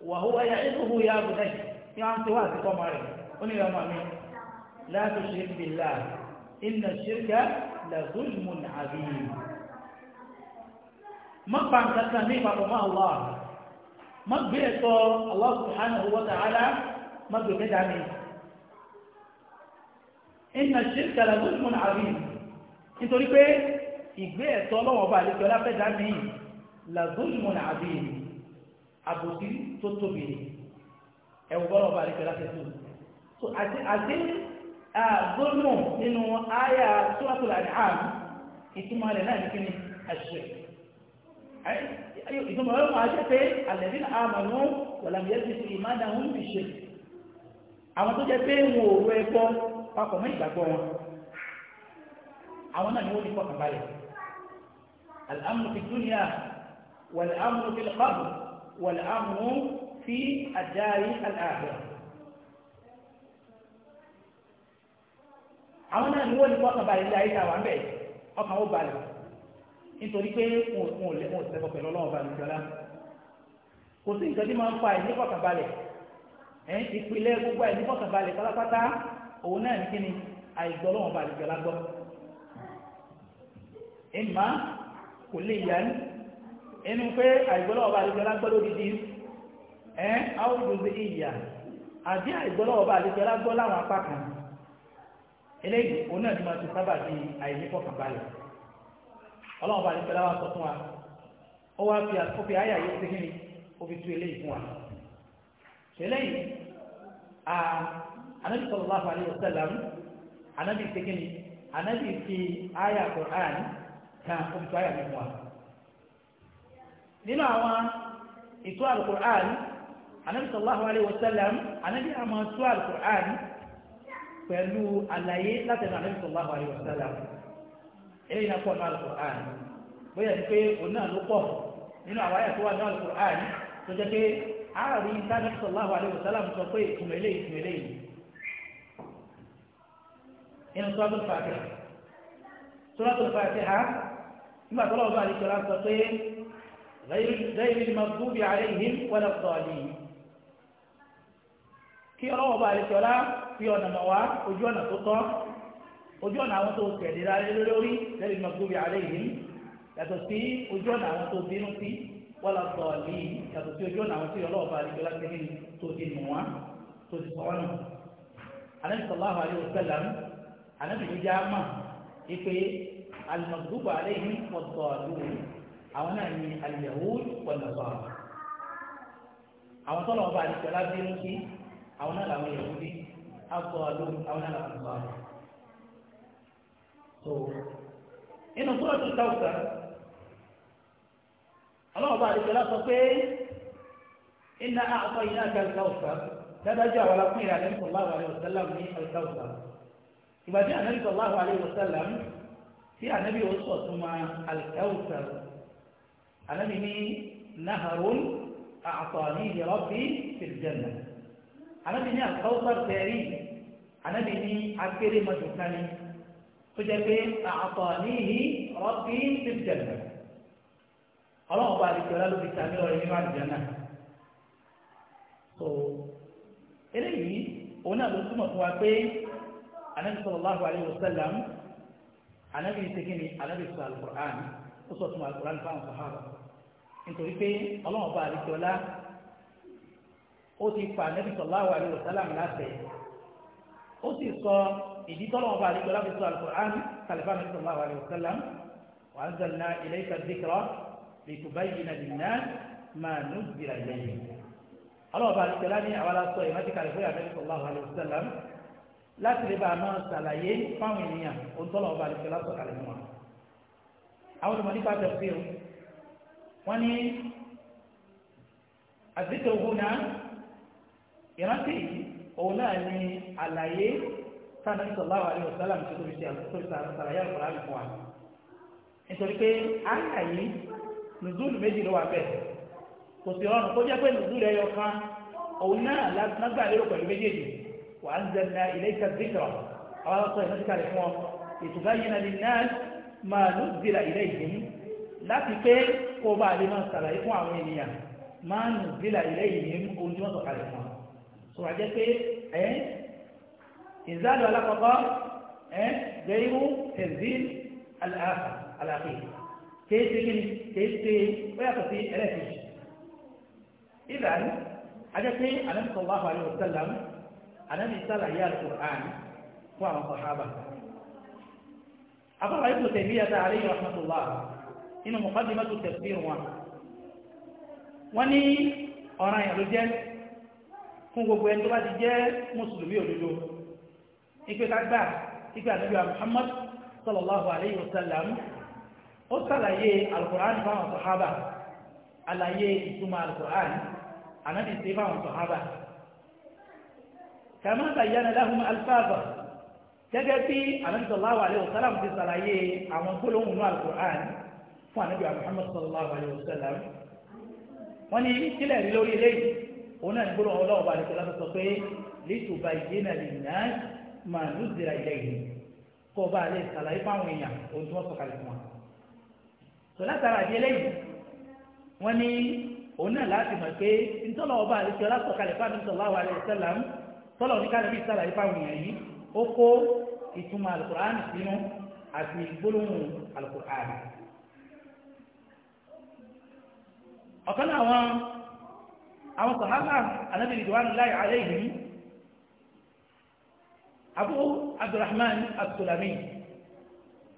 وهو يعظه يا بني ní wọ́n ti wá àti fọ́mọ rẹ̀ ó ní ìrànwọ́ mi la tushrik billah inna shirka la zulmun azim má pa nǹkan kan ní ìpapọ̀ mọ́ Allah má gbé ẹ̀tọ́ Allah subhanahu wa ta'ala má gbé mẹ́ta mi inna shirka la zulmun azim nítorí pé ìgbé ẹ̀tọ́ ọlọ́wọ́ bá àlejò ọlápẹ́dá mi la zulmun azim àbòsí tó tóbi ẹ̀wọ̀n bọ́lọ́wọ́ bá àlejò ọlápẹ́dá mi àti àti gbólù nínú àyà suratul an'am ìtumọ̀ rẹ̀ náà ní kíni àṣìṣe ìtumọ̀ rẹ̀ wọ́n á jẹ́ pé alladhina amanu wa lam yalbisu imanahum bish-shirk àwọn tó jẹ́ pé wọn ò rọ ẹ̀kọ́ papọ̀ mọ́ ìgbàgbọ́ wọn àwọn náà ni wọ́n ní fọkàn balẹ̀ al-amnu fi dunya wal-amnu fil qabr wal-amnu fi ad-dari al àwọn náà ni wọ́n ní wọ́n balẹ̀ ní ayé tá a wà ń bẹ̀ ọkàn ó balẹ̀ nítorí pé wọn ò lẹ́wọ̀n sẹ́kọ̀ pẹ̀lú ọlọ́run balẹ̀ jọlá kò sí nǹkan tí máa ń fa balẹ̀ ẹ̀ ìpìlẹ̀ gbogbo ẹ̀mí kọ̀ọ̀kan balẹ̀ pátápátá òun náà ní kíni àìgbọ́ gbọ́ ìmá kò lè pé àìgbọ́ eléyìí òun náà ti máa ti sábà di àìníkọ̀kànbalẹ̀ ọlọ́run bá ní pẹ̀lú àwọn sọ fún wa ó wá fi àkófì àyà yìí sí kíni ó fi tú eléyìí fún wa eléyìí à anábì sallallahu alaihi wasallam anábì sí kíni anábì fi àyà Qur'an kan ó fi tú àyà mi fún wa nínú àwọn ìtú àlùkùrán anábì sallallahu alaihi wasallam anábì àmọ́ tú àlùkùrán pẹ̀lú àlàyé látẹ̀nà àlẹ́ sallallahu alaihi wasallam eléyìí náà pọ̀ ní al-Qur'an bóyá ni pé òun náà ló pọ̀ nínú àwọn àyà tó wà ní al-Qur'an tó jẹ́ pé àárín ìtàní sallallahu alaihi wasallam sọ pé ìtumọ̀ eléyìí ìtumọ̀ eléyìí inú Suratul Fatiha Suratul Fatiha nígbà tó lọ́wọ́ bá àlejò lá sọ pé ghayril kí ọlọ́wọ́ bá àlejò ọlá fi ọ̀nà mọ̀ wá ojú ọ̀nà tó tọ́ ojú ọ̀nà àwọn tó tẹ̀lé lálẹ́ lórí lẹ́yìn náà gbóbi àlẹ́ yìí yàtọ̀ sí ojú ọ̀nà àwọn tó bínú sí wọ́lá sọ ní yàtọ̀ sí ojú ọ̀nà àwọn tí ọlọ́wọ́ bá àlejò ọlá tẹ̀lé tó ti nù wá tó ti sọ wọ́nà. anabi sallallahu alayhi wa sallam anabi ló já mà ipe alimọ̀gbóbi àlẹ́ yìí wọ́sọ̀ àwọn náà ní àwọn náà làwọn yahudi akọ àdóhùn àwọn náà làwọn sọ àwọn. so inú sọ́rọ̀ tó ta òkà ọlọ́wọ́ bá àdìsẹ́ lásọ pé iná àtọ́ iná kẹta òkà dádájọ́ àwọn alákùnrin rẹ̀ àdéhùn sọ̀lá àwọn àlẹ́ òsàlám ní kẹta òkà ìgbà tí ànábì sọ̀lá àwọn àlẹ́ òsàlám tí ànábì ó sọ̀tún ma àlẹ́ òkà ànábì ní naharun أعطانيه ربي في الجنة anabi ní àkọ́sọ̀ tẹ̀rí anabi ní akéré mọ̀tòkánì tó jẹ́ pé àtọ̀ níhì ọ̀bí ti jẹ̀dẹ̀ ọlọ́run bá àdìsí ọlá ló fi tàbí ọ̀rẹ́ nínú àdìjẹ́ náà so eléyìí òun náà ló túmọ̀ fún wa pé anabi sallallahu alaihi wasallam anabi ìsèkìní anabi sọ alukur'an ó sọ fún alukur'an fáwọn sọ̀hárà nítorí pé ọlọ́run bá àdìsí ọlá ó ti pa nẹ́bí sallallahu alaihi wasallam láṣẹ ó sì sọ ìdí tọ́lọ́wọ́n bá àdéjọ́ láti sọ al-Qur'an kàlífà nẹ́bí sallallahu alaihi wasallam wa anzalna ilayka dhikra litubayyina lin-nas ma nuzzila ilayhim ọlọ́wọ́n bá àdéjọ́ láti àwọn aláṣọ ìmọ̀tí kàlífà nẹ́bí sallallahu alaihi wasallam láti lè bá a máa ṣàlàyé fáwọn ènìyàn ó tọ́lọ́wọ́n ìrántí yìí òun náà ni àlàyé sáà sallallahu alaihi wasallam tó tóbi sí àkókò ìsàlàyé àkùrá mi fún wa nítorí pé àyà yìí nùzúlù méjì ló wà bẹ́ẹ̀ kò sí ọrùn kó jẹ́ pé nùzúlù ẹyọ kan òun náà lágbà lérò pẹ̀lú méjèèjì wa anzalna ilayka dhikra àwọn ọ̀sọ̀ ìfẹ́síkàlẹ̀ fún ọ litubayyina linnas ma nuzila ilayhim láti pé kó bá lè máa sàlàyé fún àwọn ènìyàn ma nuzila ilayhim ohun tí wọ́n sọ̀kalẹ̀ fún ọ tó wàjẹ́ pé ẹ́ ìzáàlù alákọ̀ọ́kọ́ ẹ́ gẹ́rú tẹ̀síl àlàáfíì kéèké kí ni kéèké ó yàtọ̀ sí ẹlẹ́ẹ̀kejì ìlànà ajẹ́ pé ànábì sallallahu alaihi wasallam ànábì sàlàyé al-Qur'an fún àwọn sàhábà أبو ابن تيمية عليه رحمة الله إنه مقدمة التفسير واحد وني أنا يا رجال fún gbogbo ẹni tó bá ti jẹ́ mùsùlùmí òdodo ìpè kágbà ìpè ànábì Muhammad sallallahu alayhi wa sallam ó sàlàyé alukur'an fáwọn sọ̀hábà àlàyé ìtumọ̀ alukur'an ànábì sí fáwọn sọ̀hábà kàmá sàyẹ́nà lahum alfáàfà gẹ́gẹ́ bí ànábì sallallahu alayhi wa sallam ti sàlàyé àwọn gbólóhùn ní alukur'an fún ànábì Muhammad sallallahu alayhi wa sallam wọ́n ní kílẹ̀ lórí eléyìí òun náà ní gbọ́dọ̀ ọlọ́wọ́ bá àdìsọ́lá sọ pé lẹ́tùbà ìdénà lè nà máa ló zèrà ilẹ̀ yìí kọ́ bá alẹ́ sàlàyé fáwọn èèyàn ohun tí wọ́n sọ kalẹ̀ fún wa. sọlá tara àdìẹ lẹ́yìn wọ́n ní òun náà láti mọ̀ pé ntọ́lọ̀ ọba àdìsọ́lá sọ kalẹ̀ fáwọn sallallahu alaihi wasallam tọ́lọ̀ ní káàdì bíi sàlàyé fáwọn èèyàn yìí ó kó ìtumọ̀ alukur'an sínú àti gbólóhùn alukur'an. ọ̀kan náà wọn àwọn sàhábà anábì ridwanullahi alayhim abu abdulrahman as-sulami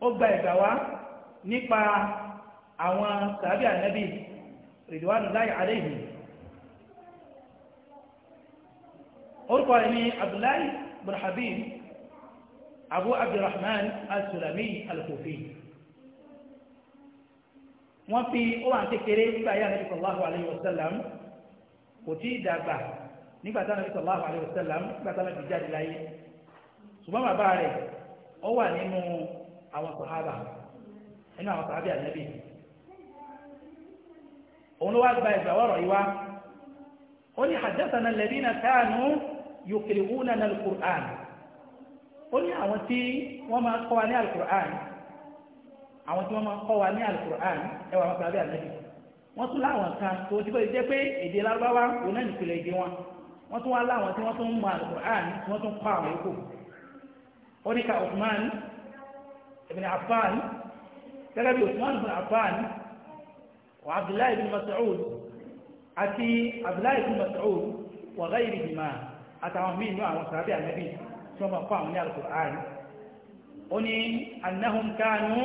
ó gba ẹ̀gbà wá nípa àwọn sàhábì anábì ridwanullahi alayhim orúkọ rẹ̀ ní abdullahi bin habib abu abdulrahman al-sulami al-kufi wọ́n fi ó wà kékeré nígbà yà nàbí sallallahu alayhi wa sallam kò tí ì dàgbà nígbà táwọn ibi sallallahu alaihi wasallam nígbà táwọn ibi jáde láyé ṣùgbọ́n bàbá rẹ̀ ó wà nínú àwọn sàhábà nínú àwọn sàhábà ànábì òun ló wá gba ìgbà wọ́rọ̀ yìí wá ó ní haddathana alladhina kanu yuqri'unana al-Qur'an ó ní àwọn tí wọ́n máa kọ́ wa ní al àwọn tí wọ́n máa kọ́ wa ní al-Qur'an àwọn sàhábà ànábì wọ́n tún láwọn kan tó ti bẹ́ẹ̀ jẹ́ pé èdè lárúbáwá òun náà nìpìlẹ̀ èdè wọn wọ́n tún wá láwọn tí wọ́n tún mọ alukur'an tí wọ́n tún kọ́ àwọn yòókù ó ní ibn Affan gẹ́gẹ́ bí Uthman ibn Affan wa Abdullahi ibn Mas'ud àti Abdullahi ibn Mas'ud wa ghayrihima àtàwọn míì nínú àwọn sàbí ànábì tí wọ́n máa kọ́ àwọn ní alukur'an ó ní annahum kanu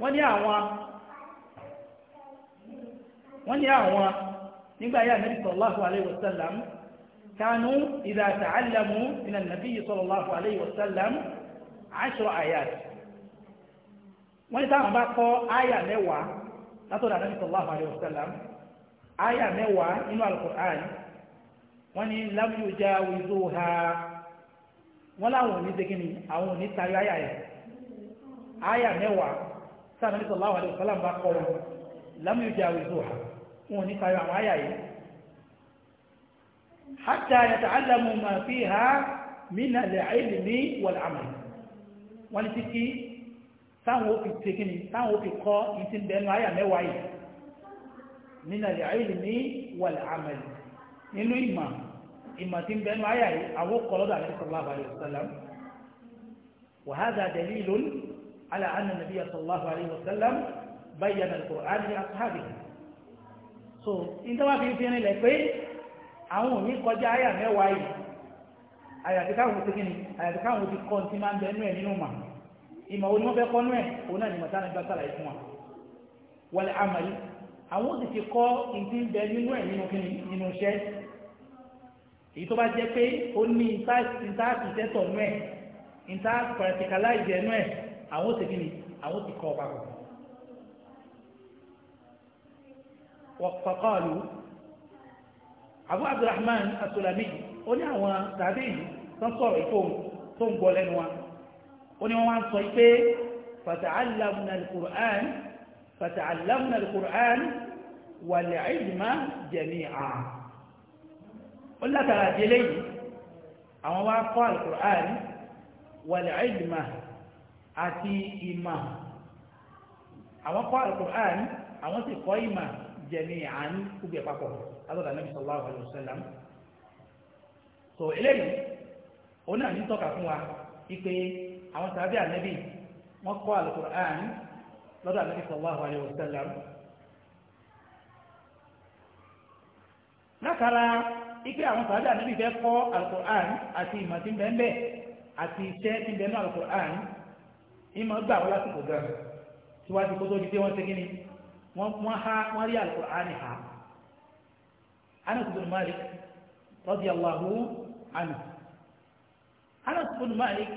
wọ́n ní àwọn wọ́n ní àwọn nígbà yà nàbí sallallahu alayhi wa sallam kanu idha ta'allamu min an-nabi sallallahu alayhi wa sallam ashra ayat wọ́n ní táwọn bá kọ́ àyà mẹ́wàá látọ̀dọ̀ nàbí sallallahu alayhi wa sallam àyà mẹ́wàá nínú al wọ́n ní lam yujawizuha wọ́n láwọn òní dégínì àwọn òní tayọ àyà yẹn àyà mẹ́wàá sáà nàbí sallallahu alayhi bá kọ́ wọn lam yujawizuha هوني كلام حتى يتعلموا ما فيها من العلم والعمل ونتكي سانو في تكني سانو في قا يتن بين عيا مواي من العلم والعمل إنه إما إما تن بين عيا أو قلدا عليه الصلاة وهذا دليل على أن النبي صلى الله عليه وسلم بين القرآن لأصحابه so ìjọba fi fi rinlẹ̀ pé àwọn òní kọjá àyà mẹ́wàá yìí àyàfi káwọn ti kíni àyàfi káwọn ti kọ́ ti máa ń bẹ nú ẹ̀ nínú mà ìmọ̀ wo ni wọ́n fẹ́ kọ́ nú ẹ̀ òun náà ni mọ̀tá ní gbàtà láì fún wa wọlé àmàlí àwọn òsì ti kọ́ ìdí ń bẹ nínú ẹ̀ nínú kíni nínú iṣẹ́ èyí tó bá jẹ́ pé ó ní ìtaàtì tẹ́tọ̀ nú ẹ̀ ìtaàtì pàrẹ̀tìkàláì jẹ́ nú ẹ̀ àwọn òsì kíni àwọn òsì kọ́ papọ̀ faqalu Abu Abdurrahman As-Sulami ó ní àwọn tàbí yìí tán sọ̀rọ̀ ìfóhùn tó ń gbọ́ lẹ́nu wa ó ní wọ́n wá ń sọ pé fata'allamna al-Qur'an fata'allamna al-Qur'an wal àwọn kọ́ al àwọn sì kọ́ ìmà jami'an kúgbẹ̀ papọ̀ látọ̀dà nabi sallallahu alaihi wasallam so eléyìí òun náà ní tọ́ka fún wa wípé àwọn sàbí ànábì wọ́n kọ́ al-Qur'an lọ́dọ̀ ànábì sallallahu alaihi wasallam látara ipe àwọn sàbí ànábì fẹ́ ti di wọ́n ha wọ́n rí alukur'ani ha anas bin malik radiyallahu anhu anas bin malik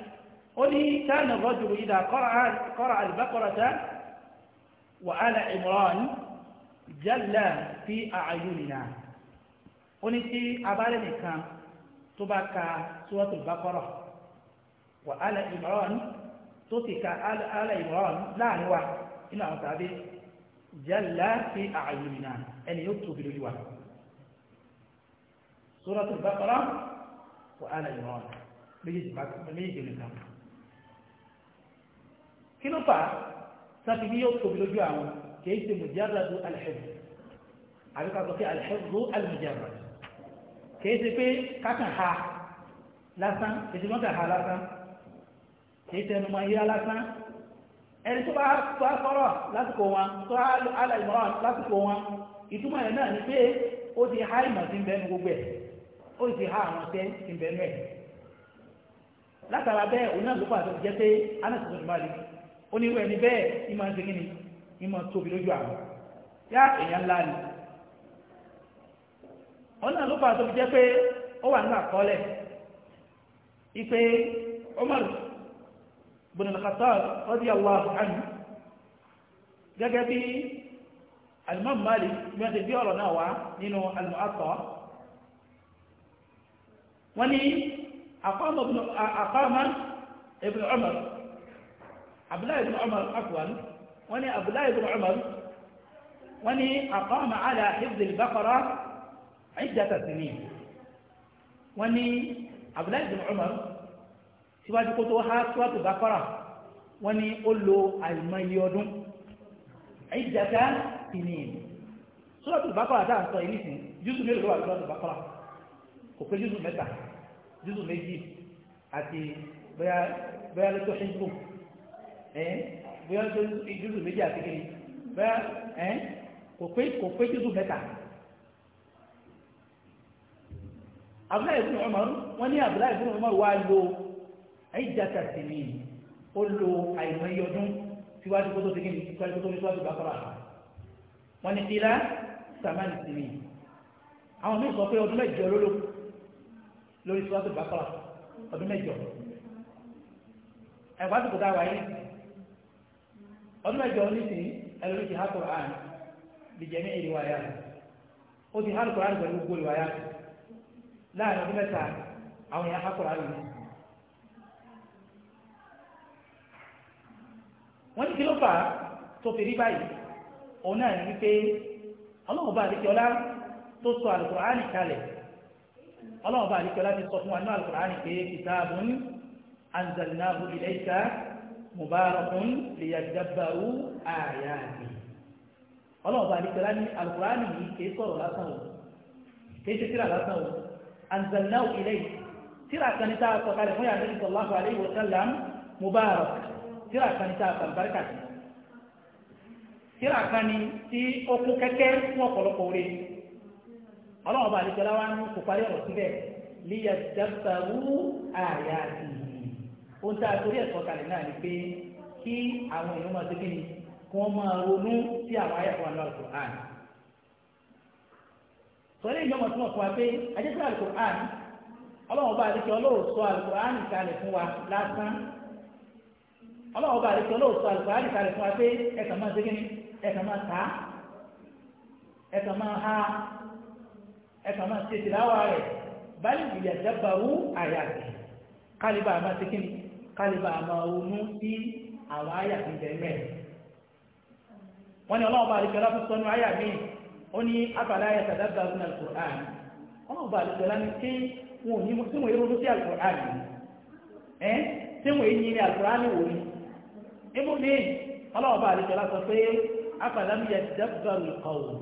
ó ní kana rajulu idha qara'a al-baqarata wa ala imran jalla fi a'yunina ó ní tí abálẹ̀ nìkan tó bá ka suratul baqara wa ala imran tó ti ka ala imran láàrin wa inú àwọn tàbí jalla fi a'yunina ẹni yóò tóbi lójú wa Suratul Baqara wa Ala Imran méjèèjì nìkan kí ló fà á sáfi ní yóò tóbi lójú àwọn kì í ṣe mujarradu al-hifz àbíkà sọ pé al-hifzu al-mujarrad ṣe pé kákan ha lásán kìí ṣe mọ́kà ha lásán kìí ṣe ẹnu máa yíra lásán ẹni tó bá sọ́rọ̀ lásìkò wọn tó alàìmọ̀ràn lásìkò wọn ìtumọ̀ ẹ̀ náà ni pé ó ti há ìmọ̀ sí ìbẹ̀nu gbogbo ẹ̀ ó ti há àwọn tẹ́ ìbẹ̀nu ẹ̀ látara bẹ́ẹ̀ òun náà ló pàṣẹ jẹ́ pé anásìkò ìmọ̀ àlè onírú ẹni bẹ́ẹ̀ ìmọ̀ ń segin ni ìmọ̀ tóbi lójú àwọn yá èèyàn ńlá ni òun náà ló pàṣẹ jẹ́ pé ó wà nínú àkọọ́lẹ̀ ipe Omar بن الخطاب رضي الله عنه جاكبي المام مالك ماذا بيه الله نوع نينو المعطى وني أقام ابن أقام ابن عمر عبد الله بن عمر عفوا وني عبد الله بن عمر وني أقام على حفظ البقرة عدة سنين وني عبد الله بن عمر síwájú kó tó há síwájú bákọ́rà wọ́n ní ó lo àìmọye ọdún ìjàká ìní síwájú bákọ́rà dáa sọ ìlú ìsìn jùsù mélòó wà síwájú bákọ́rà kò pé jùsù mẹ́ta jùsù méjì àti bóyá ló tó ṣíjú ẹ́n bóyá ló tó jùsù méjì àti kiri bóyá kò pé kò pé jùsù mẹ́ta abúláyé fún ọmọ wọn ní abúláyé fún ọmọ wa lo àìjàkà sí ni ó lo àìmọye ọdún síwájú kó tó ti kíni síwájú kó tó ní síwájú bàkàrà wọn ni kíla sàmánì sí ni àwọn míì sọ pé ọdún mẹ́jọ ló lò lórí síwájú bàkàrà ọdún mẹ́jọ ẹ̀wọ́n àti kò dá wáyé ọdún mẹ́jọ nísìnyí ẹlòmíì ti há kọ̀ọ̀ àná bìjẹ̀mí ìrìwà yára ó ti há kọ̀ọ̀ àná pẹ̀lú gbogbo ìwà yára láàrin ọdún àwọn èèyàn há kọ̀ọ̀ yìí wọ́n ní kí ló fà á tó fi rí báyìí òun náà ní wípé ọlọ́run bá àdékẹ́ ọlá tó sọ àlùkùránì kalẹ̀ ọlọ́run bá àdékẹ́ ọlá ti sọ fún wa ní àlùkùránì pé kitabun anzalnahu ilayka mubarakun liyadabbaru ayati ọlọ́run bá àdékẹ́ ọlá ní àlùkùránì yìí kì sọ̀rọ̀ lásán o kì í ṣe síra lásán o anzalnahu ilayka síra kan ní tá a fún yàrá sallallahu alayhi tíra kan ní tá a fà lùbáríkà sí tíra kan ní tí ó kún kẹ́kẹ́ fún ọ̀pọ̀lọpọ̀ orí ọlọ́wọ́n bá àlejò aláwa ń kó parí ọ̀rọ̀ síbẹ̀ líyà dábàrú àyà ìhìn ohun tá a torí ẹ̀sọ́ kalẹ̀ náà ni pé kí àwọn èèyàn máa ṣe kí ni kí wọ́n máa ronú sí àwọn ayẹ̀kọ́ àná Al-Qur'an sọlẹ́ ìjọba tí wọ́n fún wa pé ajẹ́sẹ́ Al-Qur'an bá àlejò ọlọ́wọ́ sọ al fún wa lásán ọlọ́wọ́ bá àdékọ́ lóòótọ́ àlùkò àdìkalẹ̀ fún wa pé ẹ̀kà máa ṣe kíni ẹ̀kà máa ta ẹ̀kà máa ha ẹ̀kà máa ṣe tìláwà rẹ̀ báyìí ìyà dábàá wú àyà rẹ̀ kálíbà máa ṣe kíni kálíbà máa ronú sí àwọn àyà tó bẹ̀rẹ̀ rẹ̀ wọ́n ní ọlọ́wọ́ bá àdékọ́ lọ́kùn sọ́nù àyà mi ó ní abàlá ayà tàdábàá wú àlùkò àná ọlọ́wọ́ bá àdékọ́ ibú mi ọlọ́wọ́ bá àlejòlá sọ pé afàlámìyà dábàrú ìkọ̀wò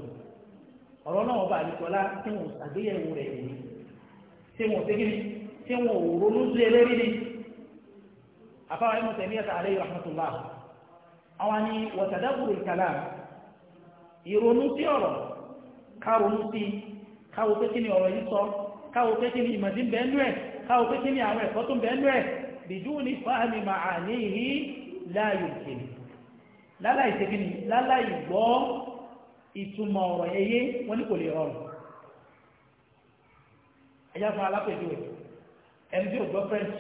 ọ̀rọ̀ náà ọba àlejòlá tí wọn àgbéyẹ̀wò rẹ̀ wò tí wọn ṣe tí wọn ò ronú sí eléyìí ni àfáwọn ẹ̀mú tẹ̀mí ẹ̀ta àlẹ́ rahmatullah àwọn ni wọ̀tàdàbùrù ìkàlà ìrònú sí ọ̀rọ̀ kárònú sí káwo pé kíni ọ̀rọ̀ yìí sọ káwo pé bẹ́ẹ̀ nú ẹ̀ àwọn ẹ̀kọ́ tó bẹ́ẹ̀ nú ẹ̀ fáàmì màá láàyò kèlè láláì segin ni láláì gbọ́ ìtumọ̀ ọ̀rọ̀ ẹyẹ wọn ní kò lè rọrùn ẹjá fún alápèjúwe ẹni tí ò gbọ́ french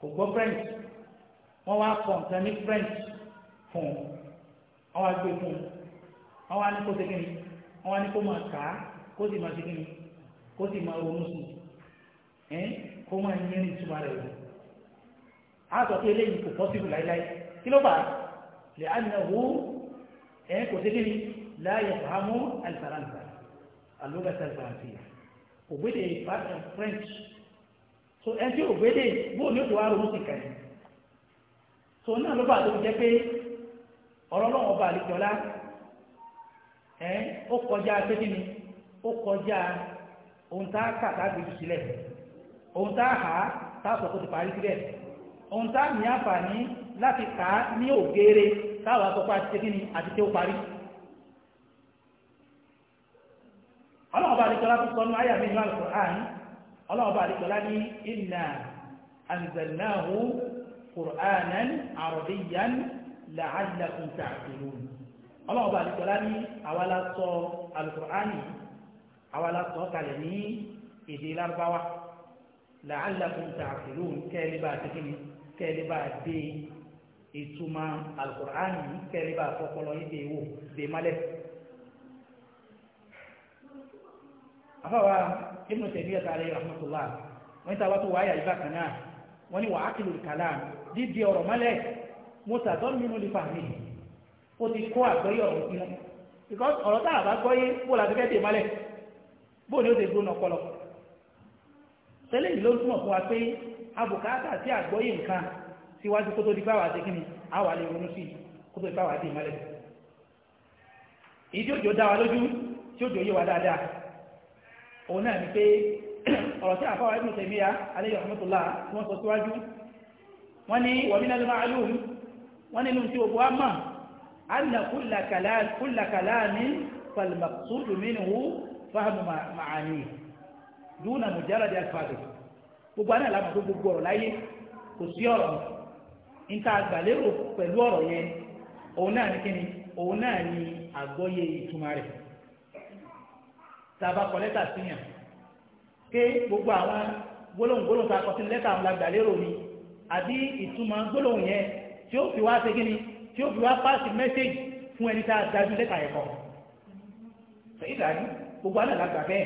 kò gbọ́ french wọ́n wá kọ nǹkan ní french fún un wọ́n wá gbé fún un wọ́n wá ní kó segin ni wọ́n wá ní kó máa kà á kó sì máa segin ni kó sì máa ronú sí i kó máa yẹn ní ìtumọ̀ rẹ̀ wọ̀ a sọ pé eléyìí kò pọ́sibù láíláí kí ló bá lè anahu ẹ̀ kò sí kí ni láàyè fàámù alifaransa alógàtà ìfàǹsìyà ògbédè ìfàǹsì french so ẹni tí ògbédè bóun ní òwúwa ronú sí kàn so náà ló bá tó jẹ́ pé ọ̀rọ̀ lọ́wọ́ bá àlejòlá ẹ̀ ó kọjá pékinni ó kọjá ohun tá a kà tá a gbèjì sílẹ̀ ohun tá a hà tá a sọ ti parí sílẹ̀ ohun tá ní àǹfààní láti kà á ní ògèrè káwà àkọ́kọ́ àti tẹ́kí ni àti tẹ́ ó parí ọlọ́ọ̀bá àdìkọ́lá tó sọ ní àyà mi nínú Al-Qur'an ọlọ́ọ̀bá àdìkọ́lá ní inna anzalnahu qur'anan arabiyyan la'allakum ta'qilun ọlọ́ọ̀bá àdìkọ́lá ní àwa la sọ kalẹ̀ ní èdè lárúbáwá la'allakum ta'qilun kẹ́ẹ̀lì bá àtẹ́kí ni kẹ́lẹ́ bá dé ìtumọ̀ alukur'an yìí kẹ́lẹ́ bá fọpọlọ yìí dé wò dé malẹ̀. afọwọ́ ibnu tẹ̀míyà tààrẹ rahmatullah wọ́n ti tàbátú wáyà ibà kan náà wọ́n ní wà á kìlò kàlá dídì ọ̀rọ̀ malẹ̀ mọ́tàdọ́ nínú lè fà mí ó ti kó àgbọ́yé ọ̀rọ̀ sínú because ọ̀rọ̀ tá a bá gbọ́yé bó la ti fẹ́ dé malẹ̀ bó ni ó ti gbóná ọpọlọ tẹ́lẹ̀ yìí ló túmọ̀ fún wa pé abùkátà sí àgbọ́yé nǹkan síwájú kó tó di báwa ṣe kíni àwa lè ronú sí kó tó di báwa dé ìmọ́lẹ̀ èyí tí òjò dá wa lójú tí òjò yé wa dáadáa òun náà ni pé ọ̀rọ̀ tí àfáwà Ibn Taymiyyah alayhi rahmatullah tí wọ́n sọ síwájú wọ́n ní wa gbogbo àná làwọn tó gbogbo ọ̀rọ̀ láyé kò sí ọ̀rọ̀ nǹkan àgbàlérò pẹ̀lú ọ̀rọ̀ yẹn òun náà ní kíni òun náà ní àgbọ́yé ìtumọ̀ rẹ̀ tàbá kọ lẹ́tà gbogbo àwọn gbólóhùn gbólóhùn tá ni àbí ituma gbólóhùn yẹn tí ó fi wá ṣe kíni tí ó fi wá pàṣẹ mẹ́sẹ̀gì fún ẹni tá a dájú lẹ́tà yẹn gbogbo bẹ́ẹ̀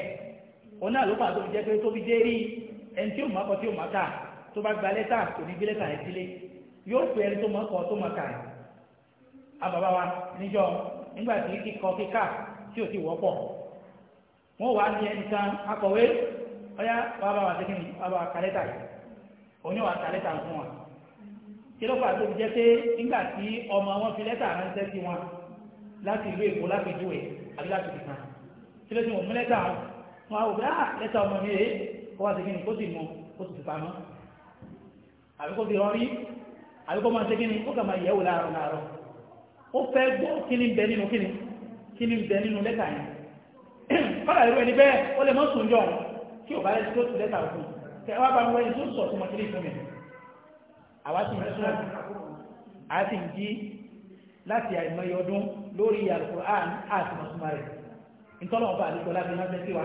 òun náà ló pàṣẹ ẹni tí ó mọ̀ ọkọ̀ tí ó mọ̀ ká tó bá gba lẹ́tà kò ní gbé lẹ́tà sílé yóò ẹni tó tó ká àbàbà wa níjọ nígbà tí kíkọ kíkà tí ò ti wọ́pọ̀ wọ́n wa ṣe kí ni wàá bá wa ka lẹ́tà yìí òní ka lẹ́tà fún wa kí ló fà tó fi jẹ́ pé nígbà tí ọmọ wọn fi lẹ́tà ránṣẹ́ sí wọn láti ìlú èkó láti àbí láti ìkan ló ti wọ́n mú lẹ́tà wọn ah, lẹ́tà ọmọ kó wá sí kíni kó sì mú kó sì pamọ́ àbí kó fi rọrí àbí kó máa ṣe kíni kó kà máa yẹ̀wò láàárọ̀ láàárọ̀ ó fẹ́ gbọ́ kíni bẹ nínú kíni kíni bẹ nínú lẹ́tà yẹn kọ́lá irú ẹni bẹ́ẹ̀ ó lè mọ́ sùn jọ kí ò bá lè tó tu lẹ́tà òkú kẹ wá bá ń wẹ́ni tó sọ fún ọmọ kíni fún mi àwa sì ń sún àá sì ń jí láti àìmọye ọdún lórí Al-Qur'an àti mọ̀túnmá rẹ̀ ntọ́lọ́wọ́ bá àdìgbọ́lá fi náà fẹ́ sí wa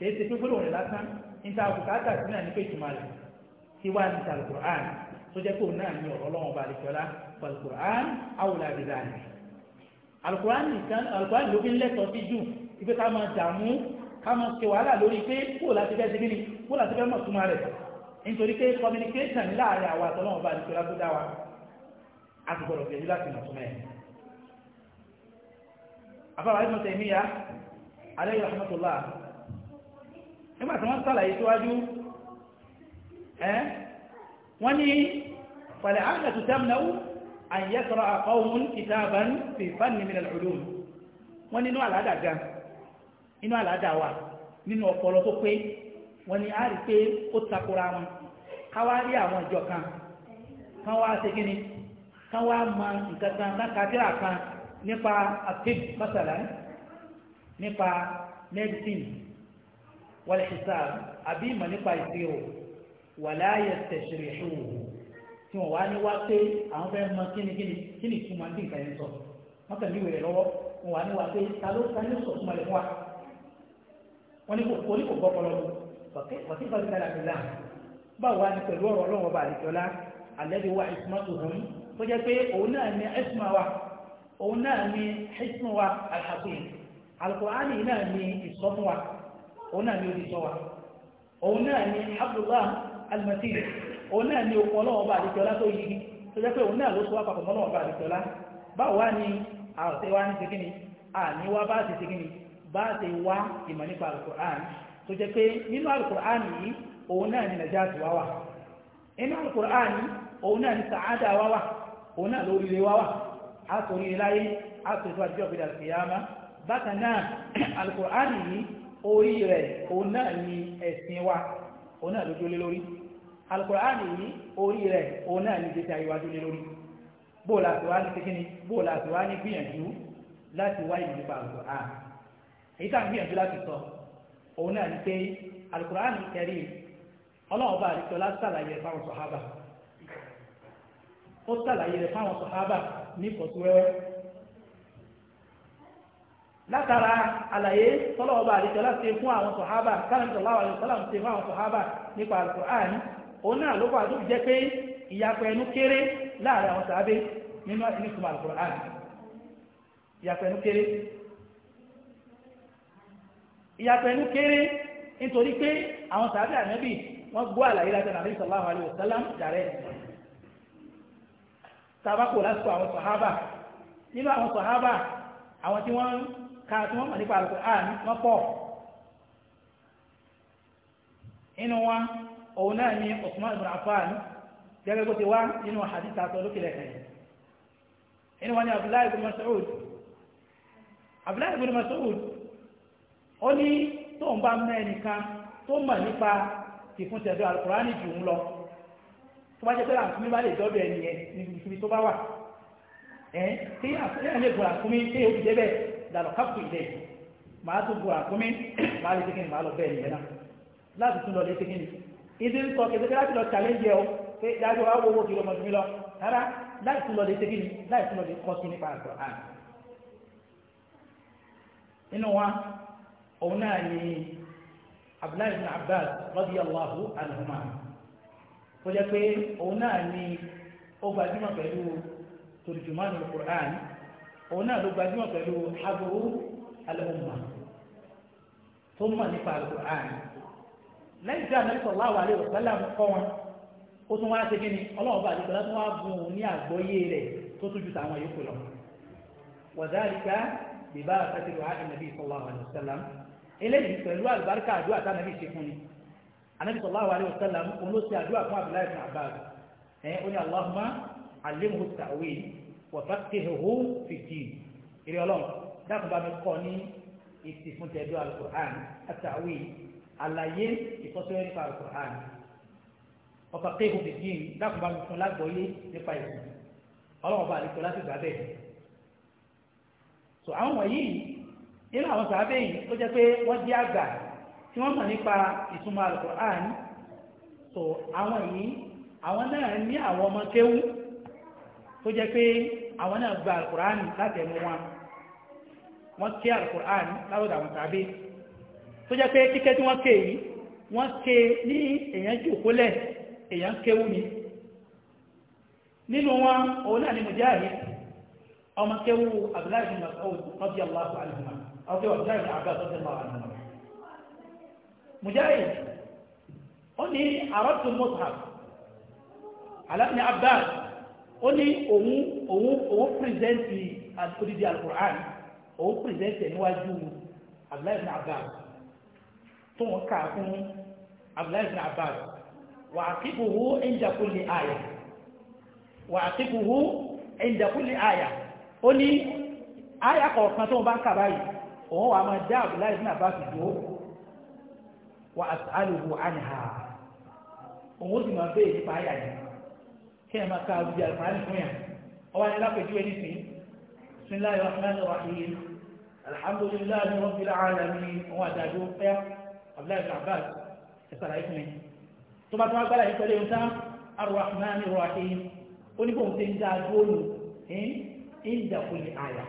kìí ṣe pé gbólóhùn rẹ̀ lásán níta bùkátà sí náà ní pé ìtumọ̀ rẹ̀ tí wàá ní ta alukur'an tó jẹ́ pé òun náà ní ọ̀rọ̀ ọlọ́run ọba àdìsọ́lá alukur'an awùlà àdìsá rẹ̀ alukur'an nìkan alukur'an ló fi ń lẹ́tọ̀ọ́ sí jù ibi ká máa dààmú ká máa ṣe wàhálà lórí pé kó láti fẹ́ segin ni kó láti fẹ́ mọ̀ túmọ̀ rẹ̀ nítorí pé communication láàrin àwọn àtọ́lọ́run ọba àdìsọ́lá tó dá wa a ti gbọ́dọ̀ gbẹ̀jú láti mọ̀ túmọ̀ ẹ̀ àbáwá ibùsọ̀ ìmíyà alẹ́ nígbà tí wọ́n sàlàyé síwájú ẹ́ wọ́n ní pẹ̀lẹ̀ àgbàtù tẹ́mìnáwó àyẹ́sọ̀rọ̀ àkọ́hún kitaban fi fanni min al-ulum wọ́n nínú àládà gan inú àládà wà nínú ọpọlọ tó pé wọ́n ní a rí pé ó takora wọn káwá rí àwọn ìjọ kan kan wá ṣe kíni kan wá mọ nǹkan kan lákàtírà kan nípa àfíì mọ́sàlá nípa mẹ́dísìnì wal hisab àbí ìmọ̀ nípa ìṣirò wala yastashrihuhu tí wọ́n wá ní wá pé àwọn fẹ́ mọ kíni kíni kíni ìtumọ̀ ní nǹkan yẹn sọ wọ́n kàn ní ìwé rẹ̀ lọ́wọ́ wọ́n wá ní wá pé ta ló ta ní sọ̀túnmọ̀ lẹ́fún wa wọ́n ní kò ní kò gbọ́ ọpọlọ lọ wàtí ìfọ̀sí kára ní pẹ̀lú ọ̀rọ̀ ọlọ́run ọba àdìjọ́lá alẹ́bí wa ìsúnmọ́ tòun tó jẹ́ pé òun náà ní ẹ̀sùnmọ́ òun náà ni ó ti sọ wa òun náà ni abdullah almatin òun náà ni okun ọlọ́wọ́ bá àdìjọlá tó yí tó jẹ́ pé òun náà ló sọ wá papọ̀ mọ́lọ́wọ́ bá àdìjọlá báwo wá ni àwọ̀tẹ́ wá ní sikini àní wá bá ti sikini bá ti wá ìmọ̀ nípa alukur'an tó jẹ́ pé nínú alukur'an yìí òun náà ni najat wá wà inú alukur'an òun náà ni sàádà wá òun náà lórí ilé wá wà láyé á sọ ìtọ́jú ọ̀gbìn àlùkìyàmá bákan náà alukur'an yìí orí rẹ̀ òun náà ni ẹ̀sìn wa òun náà ló dúró lé lórí alukur'ani yìí orí rẹ̀ òun náà ni gbèsè ayé wa dúró lé lórí bóòlù àti wá ní kékeré bóòlù àti wá ní gbìyànjú láti wá ìlú nípa alukur'ani èyí tá à ń gbìyànjú láti sọ òun náà ni pé alukur'ani kẹrí ọlọ́run bá àdìsọ láti sàlàyé fáwọn sọ̀hábà ó sàlàyé fáwọn sọ̀hábà ní kọ̀tù wẹ́wẹ́ látara àlàyé tọ́lọ́ọ̀bà àdìjọ láti fún àwọn sọ̀hábà kálẹ̀mìtọ̀láwà àdìjọ láti ṣe fún àwọn sọ̀hábà nípa Al-Qur'an òun náà ló pàdé jẹ́ pé ìyapọ̀ ẹnu kéré láàrin àwọn sàábé nínú ìtumọ̀ Al-Qur'an ìyapọ̀ ẹnu kéré ìyapọ̀ ẹnu kéré nítorí pé àwọn sàábé ànábì wọ́n gbọ́ àlàyé látara ànábì sallallahu alaihi wasallam jàrẹ́ tabako lásìkò àwọn sọ̀hábà nínú àwọn ká tí wọ́n mọ̀ nípa Al-Qur'an wọ́n pọ̀ inú wa òun náà ni Uthman ibn Affan gẹ́gẹ́ bó ti wá nínú hadith àtọ́ lókè lẹ́kẹ̀ẹ́ inú wa ni Abdullahi ibn Mas'ud Abdullahi ibn Mas'ud ó ní tó ń bá mẹ́ẹ̀nìkan tó mọ̀ nípa ìfúnṣẹ̀dọ̀ Al-Qur'an jù ń lọ tó bá jẹ́ pé àǹkúmí bá lè dọ́dọ̀ ẹni níbi tó bá wà ẹ̀ tí àǹkúmí lè gbọ́ra fún mi tí èyí ò fi débẹ̀ dàlọ́ kápù ilé yìí màá tún gun àkúmí maa lè tẹ́kìnì màá lọ bẹ́ẹ̀ láti tún lọ lè tẹ́kìnì ìdí ń láti lọ challenge o pé dájú wa wọ́wọ́ kìlọ̀ mọ̀ jùmí lọ rárá láti tún lọ lè tẹ́kìnì láti tún lọ nípa wa òun náà ni Abdullahi ibn Abbas radiyallahu anhuma kó pé òun náà ni ó Qur'an òun náà ló gbajúmọ̀ pẹ̀lú aburú alẹ́mọ̀mà tó mọ̀ nípa alukur'an lẹ́yìn tí anabi sallallahu alaihi wasallam kọ́ wọn ó tún wá ṣe kí ni ọlọ́run bá àdìgbọ́lá gun òun ní àgbọ́yé rẹ̀ tó tún ju tàwọn yòókù lọ wa dhalika bíbá àtàtì lọ́wọ́ ànábì sallallahu alaihi eléyìí pẹ̀lú àlùbáríkà wọ̀fàkìhù fìdí eré ọlọ́run dákùnbà mi kọ́ ní ìsìnkúntẹ̀dọ́ alukur'an àtàwí àlàyé ìfọ́sọ́yọ́ nípa alukur'an wọ̀fàkìhù fìdí dákùnbà mi fún lágbọ́yé nípa ìsìn ọlọ́run bá àlejò láti gbà bẹ́ẹ̀. sọ àwọn wọ̀nyí nínú àwọn sàábẹ́ yìí ó jẹ́ pé wọ́n jẹ́ àgbà tí wọ́n mọ̀ nípa ìtumọ̀ alukur'an sọ àwọn yìí àwọn náà ní àwọn ọmọ kéwú tó jẹ́ pé àwọn náà gba alukur'ani láti ẹnu wọn wọ́n ké alukur'ani láwùjọ àwọn tàbí tó jẹ́ pé kíkẹ́ tí wọ́n ké yìí wọ́n ké ní èèyàn jòkólẹ̀ èèyàn kéwú ni nínú wọn òun náà ni mujahid ọmọ kéwú abdullahi bin mas'ud radiyallahu anhu ọkẹ abdullahi bin abbas radiyallahu anhu mujahid ó ní aradtu al-mushaf ala ibn abbas ó ní òun òun òun pírẹsẹ̀ntì odidi alukur'an òun pírẹsẹ̀ntì níwájú abdullahi bin abbas tó ń kà fún abdullahi bin abbas wà á kíkù hu ẹ̀ńdà kúlì àyà wà á kíkù hu ẹ̀ńdà kúlì àyà ó ní àyà kọ̀ọ̀kan tó ń bá ń kà báyìí òun wà á máa dá abdullahi bin abbas dúró wà á sàlùwò àníhà òun ó sì máa bẹ́ẹ̀ nípa àyà yìí kí ẹ máa ka àwùjọ àlùfáàní fún yàn ọwọ́ ni lápẹjú ẹni sí bismillahi rahmanir rahim alhamdulillahi rabbil alamin àwọn àdájọ́ fẹ́ abdullahi bin abbas ẹ sàlàyé fún mi tó bá tó wá gbára yìí pẹ̀lú ìhun tán arrahmanir rahim oníbòhùn ti ń dá dúró nù ń dàkúlẹ̀ àyà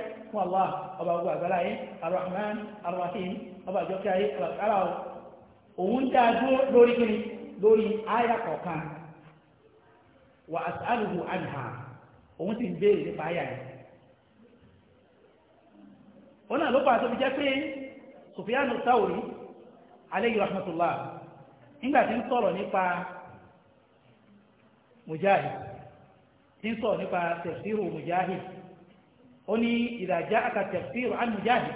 kìí fún Allah ọba gbogbo àgbàlá yìí Ar-Rahman Ar-Rahim ọba àjọkẹ́ ayé àbàkálà ọ̀ òun dá dúró lórí kíni lórí àyà kọ̀ọ̀kan wa as'aluhu anha òun sì ń béèrè nípa àyà yìí òun náà ló pa àtọ́bi jẹ́ pé Sufyanu Thawri alayhi rahmatullah nígbà tí ń sọ̀rọ̀ nípa Mujahid tí ń sọ̀rọ̀ nípa tafsiru Mujahid ó ní ìdájá àkàtẹ̀fìrù àmújáde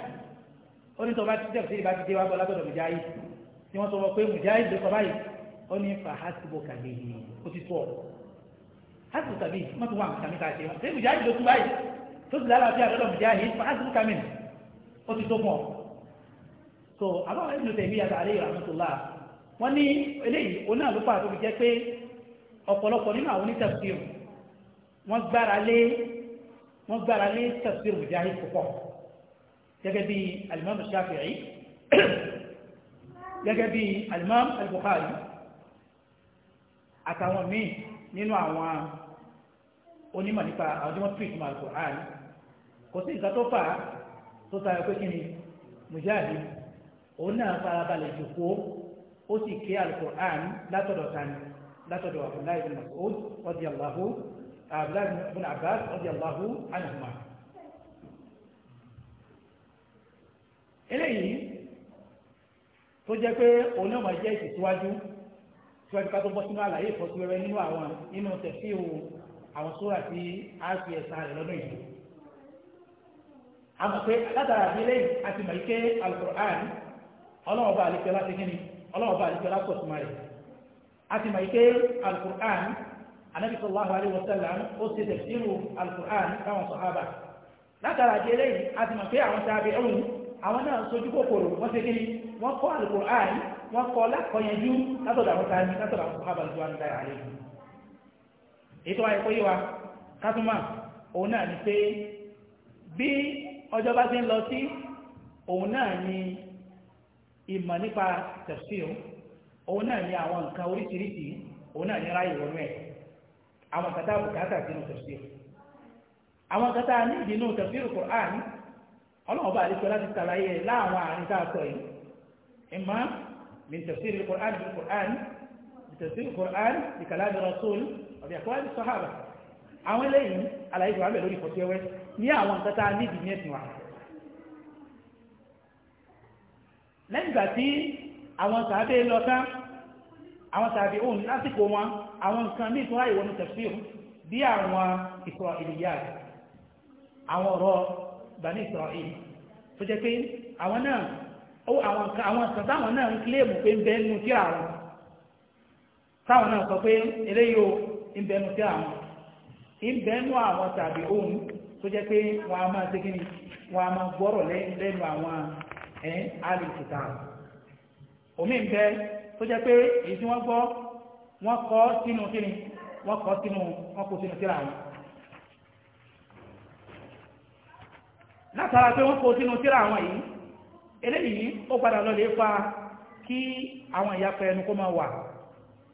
ó ní tọ́ba ti tẹ̀fìrì bá ti dé wá bọ́ lábẹ́dọ̀ mùjáyé tí wọ́n sọ wọ́n pé mùjáyé ló sọ báyìí ó ní fa hasibo kàbí ó ti tọ́ hasibo kàbí wọ́n tún wà kàmí ká ṣe wọ́n pé mùjáyé ló tún báyìí tó ti lálàáfíà lọ́dọ̀ mùjáyé fa hasibo kàmí ó ti tó fún so àbáwọ̀ ẹ̀mí ló tẹ̀mí yàtọ̀ àlẹ́ ìrànlọ́tọ̀lá wọ́n ní eléyìí oní àlùfáà tó fi jẹ́ pé ọ̀pọ̀lọpọ̀ nínú àwọn onítẹ̀fìrì wọ́n gbára lé wọ́n gbára lé tafsir Mujahid púpọ̀ gẹ́gẹ́ bí alimam Shafi'i gẹ́gẹ́ bí alimam al-Bukhari àtàwọn míì nínú àwọn onímọ̀ nípa àwọn ọdún tìrìtì máa kò áàrí kò sí nǹkan tó fà á tó tayọ pé kí ni Mujahid òun náà farabalẹ̀ jòkó ó sì ké al-Qur'an látọ̀dọ̀ tani látọ̀dọ̀ Abdullahi bin Mas'ud radiyallahu abdullahi ibn abbas radiyallahu anhuma eléyìí tó jẹ́ pé òun náà máa jẹ́ ìtìsíwájú síwájú ká tó bọ́ sínú àlàyé ìfọ́síwẹ́rẹ́ nínú àwọn nínú tẹ̀síwò àwọn sóra tí a fi ẹ̀sà rẹ̀ lọ́dún yìí a mọ̀ pé látara bí eléyìí a ti mọ̀ ike alukur'an ọlọ́wọ́ bá àlejò láti kíni ọlọ́wọ́ bá àlejò láti pọ̀ sí máa rẹ̀ a ti mọ̀ ike alukur'an anabi sallallahu alayhi wa sallam ó ṣe tẹ̀síru alukur'an káwọn sọ̀hábà látara di eléyìí a ti mọ̀ pé àwọn sábẹ́ ọ̀hún àwọn náà sojú kòkòrò wọ́n ṣe kí wọ́n kọ́ alukur'an wọ́n kọ́ lákọ̀ọ́yẹ̀dú látọ̀dọ̀ àwọn sábẹ́ látọ̀dọ̀ àwọn sọ̀hábà lójú àwọn dára àlejò ètò àìkó yé wa kátùmá òun náà ni pé bí ọjọ́ bá ti ń lọ sí òun náà ni ìmọ̀ nípa tafsir òun náà ni àwọn nǹkan oríṣiríṣi òun náà ni ráyè wọnú ẹ̀ àwọn kata bùkátà sínú tafsir àwọn kata ní ìdínú tafsir Qur'an ọlọ́wọ́ bá àlejò láti sàlàyé láwọn àárín tá a sọ yìí imma min tafsir Qur'an bil Qur'an min tafsir Qur'an bi kalam rasul ọ̀bí àkọ́wá ní sọ́hábà àwọn eléyìí àlàyé wà lórí ìfọ̀síwẹ́wẹ́ ní àwọn kata ní ìdí mẹ́sìn wa lẹ́yìn ìgbà tí àwọn sàábé lọ àwọn tàbí òun lásìkò wọn àwọn nǹkan ní ìtura ìwọ̀n ní bí àwọn Isra'iliyat àwọn ọ̀rọ̀ Bani Isra'il tó jẹ́ pé àwọn náà àwọn nǹkan táwọn náà ń kílèmù pé ń bẹ nínú tí àwọn táwọn náà sọ pé eléyìí ó ń bẹ nínú tí àwọn ń bẹ nínú àwọn tàbí òun tó jẹ́ pé a máa segin a máa gbọ́rọ̀ lẹ́nu tó jẹ́ pé èyí tí wọ́n gbọ́ wọ́n kọ sínú kíni wọ́n kọ sínú wọ́n kó sínú tíra wọn. látara pé wọ́n kó sínú tíra wọn yìí eléyìí ó padà lọ lè fa kí àwọn ìyapẹ ẹnu kó máa wà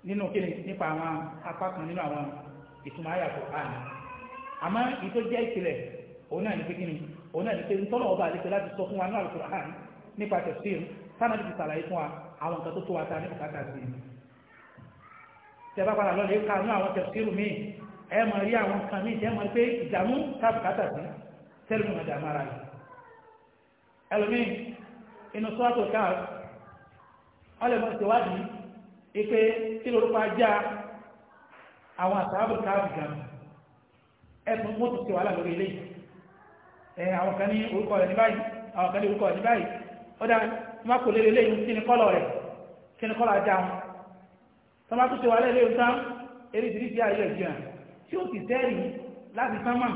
nínú kíni nípa àwọn apá kan nínú àwọn ìtumọ̀ àyàfọ̀ àná àmọ́ èyí tó jẹ́ ìpìlẹ̀ òun náà ní pé kíni òun náà ní pé ntọ́nà ọba àlejò láti sọ fún wa ní àlùkò àná nípa tẹ̀síìrì táwọn ti sàlàyé fún wa àwọn nǹkan tó tó wa ta ní bùkátà sí i tẹ bá padà lọ́lẹ̀ ká ní àwọn tẹ̀síìrù míì ẹ mọ̀ rí àwọn nǹkan míì tẹ́ mọ̀ pé ìdààmú ká bùkátà sí tẹ́lẹ̀ mọ̀ dàmú ara rẹ̀ ẹlòmíì inú sọ́wọ́tò ká ọlẹ́mọ̀ ṣèwádìí ipe kí lorúkọ ajá àwọn àtàwọn káàbù gan ẹkùn mọ́tò ṣe wàhálà lórí eléyìí àwọn kan ní orúkọ rẹ̀ ní báyìí àwọn kan ní orúkọ rẹ̀ ní báyìí ó dáa má kò lé lélẹ́yìn kí ni kọ́lọ̀ rẹ̀ kí ni kọ́lọ̀ ajá wọn tó má tó ṣe wà lẹ́lẹ́yìn tán eré ìdíríṣi ayé ìjìyàn tí ó ti tẹ́rì láti sánmà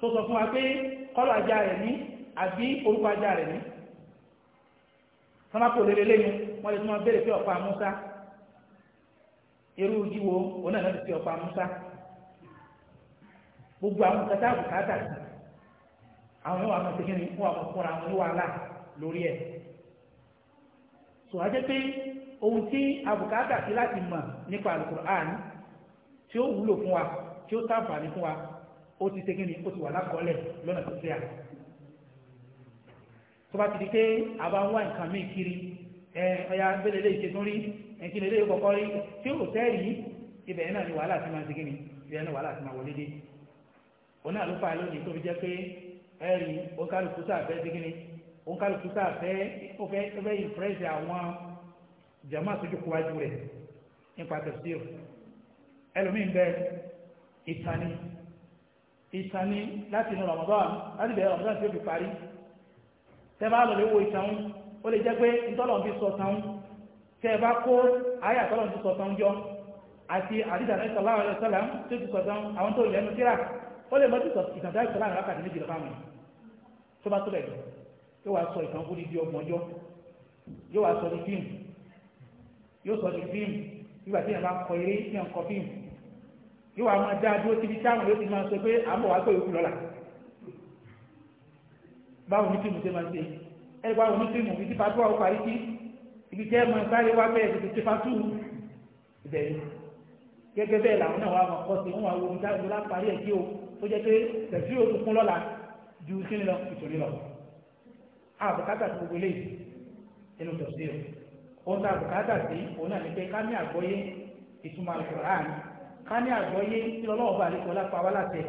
tó sọ fún wa pé kọ́lọ̀ ajá rẹ̀ ní àbí orúkọ ajá rẹ̀ ní tó má kò lé lélẹ́yìn wọ́n lè tún máa béèrè pé ọ̀pá Musa irú jíwo òun náà ti fi ọ̀pá Musa gbogbo àwọn kata àbùkátà àwọn ìwà àwọn tẹkẹ́ni fún àwọn fúnra wọn ní wàhálà lórí ẹ̀ sùn wájẹ́ pé ohun tí abùkátà sí láti mọ̀ nípa alukur'an tí ó wúlò fún wa tí ó ṣàǹfààní fún wa ó ti ṣe kíni ó ti wà lákọọ́lẹ̀ lọ́nà tó ṣe à tó bá ti di pé àbá ń wá nǹkan míì kiri ẹ ọya bẹ́lẹ̀ lè ṣe tún rí ẹ̀kí lè lè rí tí ó tẹ́rì ibẹ̀ náà ni wàhálà ti máa ṣe kíni ibẹ̀ náà wàhálà ti máa wọlé dé òun náà lónìí tó fi jẹ́ pé ẹ̀rì ó kálukú sáà fẹ́ ṣe kíni ó ń kárí tuta fẹ́ ó fẹ́ ó fẹ́ ìfúrẹ́sì àwọn jama tó jókòó wájú rẹ̀ nípa tẹ̀síọ̀ ẹlòmíín bẹ ìtàní ìtàní láti inú Ramadan láti bẹ̀rẹ̀ Ramadan tí ó fi parí tẹ́ bá lọ lè wo ìtàn ó lè jẹ́ pé ntọ́lọ̀ fi sọ tán tẹ́ bá kó ayé àtọ́lọ̀ fi sọ tán jọ àti àdìsá náà sọlá ọ̀rẹ́ sọlá tó ti sọ̀tàn àwọn tó yẹnu kíra ó lè mọ́tò ìtàn táyà sọlá àwọn akáàdì méjìlá fáwọn tó bá tó bẹ̀ jù yóò wá sọ ìtàn fúnni di ọgbọ̀njọ́ yóò wá sọ ní fíìmù yóò sọ ní fíìmù nígbà tí yẹn bá kọ eré tí yẹn kọ fíìmù yóò wá máa dáa dúró síbi táwọn yóò ti máa sọ pé àmọ́ wàá pè ókú lọ́la báwo ní fíìmù ṣe máa ṣe ẹ báwo ní fíìmù ibi tí fatúwà ó parí sí ibi tí ẹ máa sáré wá bẹ́ẹ̀ tètè ṣe fatú ìbẹ̀rù gẹ́gẹ́ bẹ́ẹ̀ làwọn náà wà máa kọ́ sí wọn wá wo ohun táwọn lápárí ẹ̀ kí o tó jẹ́ pé àbùkátà sí gbogbo eléyìí nínú tọ̀sí o ohun tá àbùkátà sí òun náà ní pé ká ní àgbọ́yé ìtumọ̀ alukur'an ká ní àgbọ́yé tí lọ́wọ́ bá àlekọ́ lápá wá láti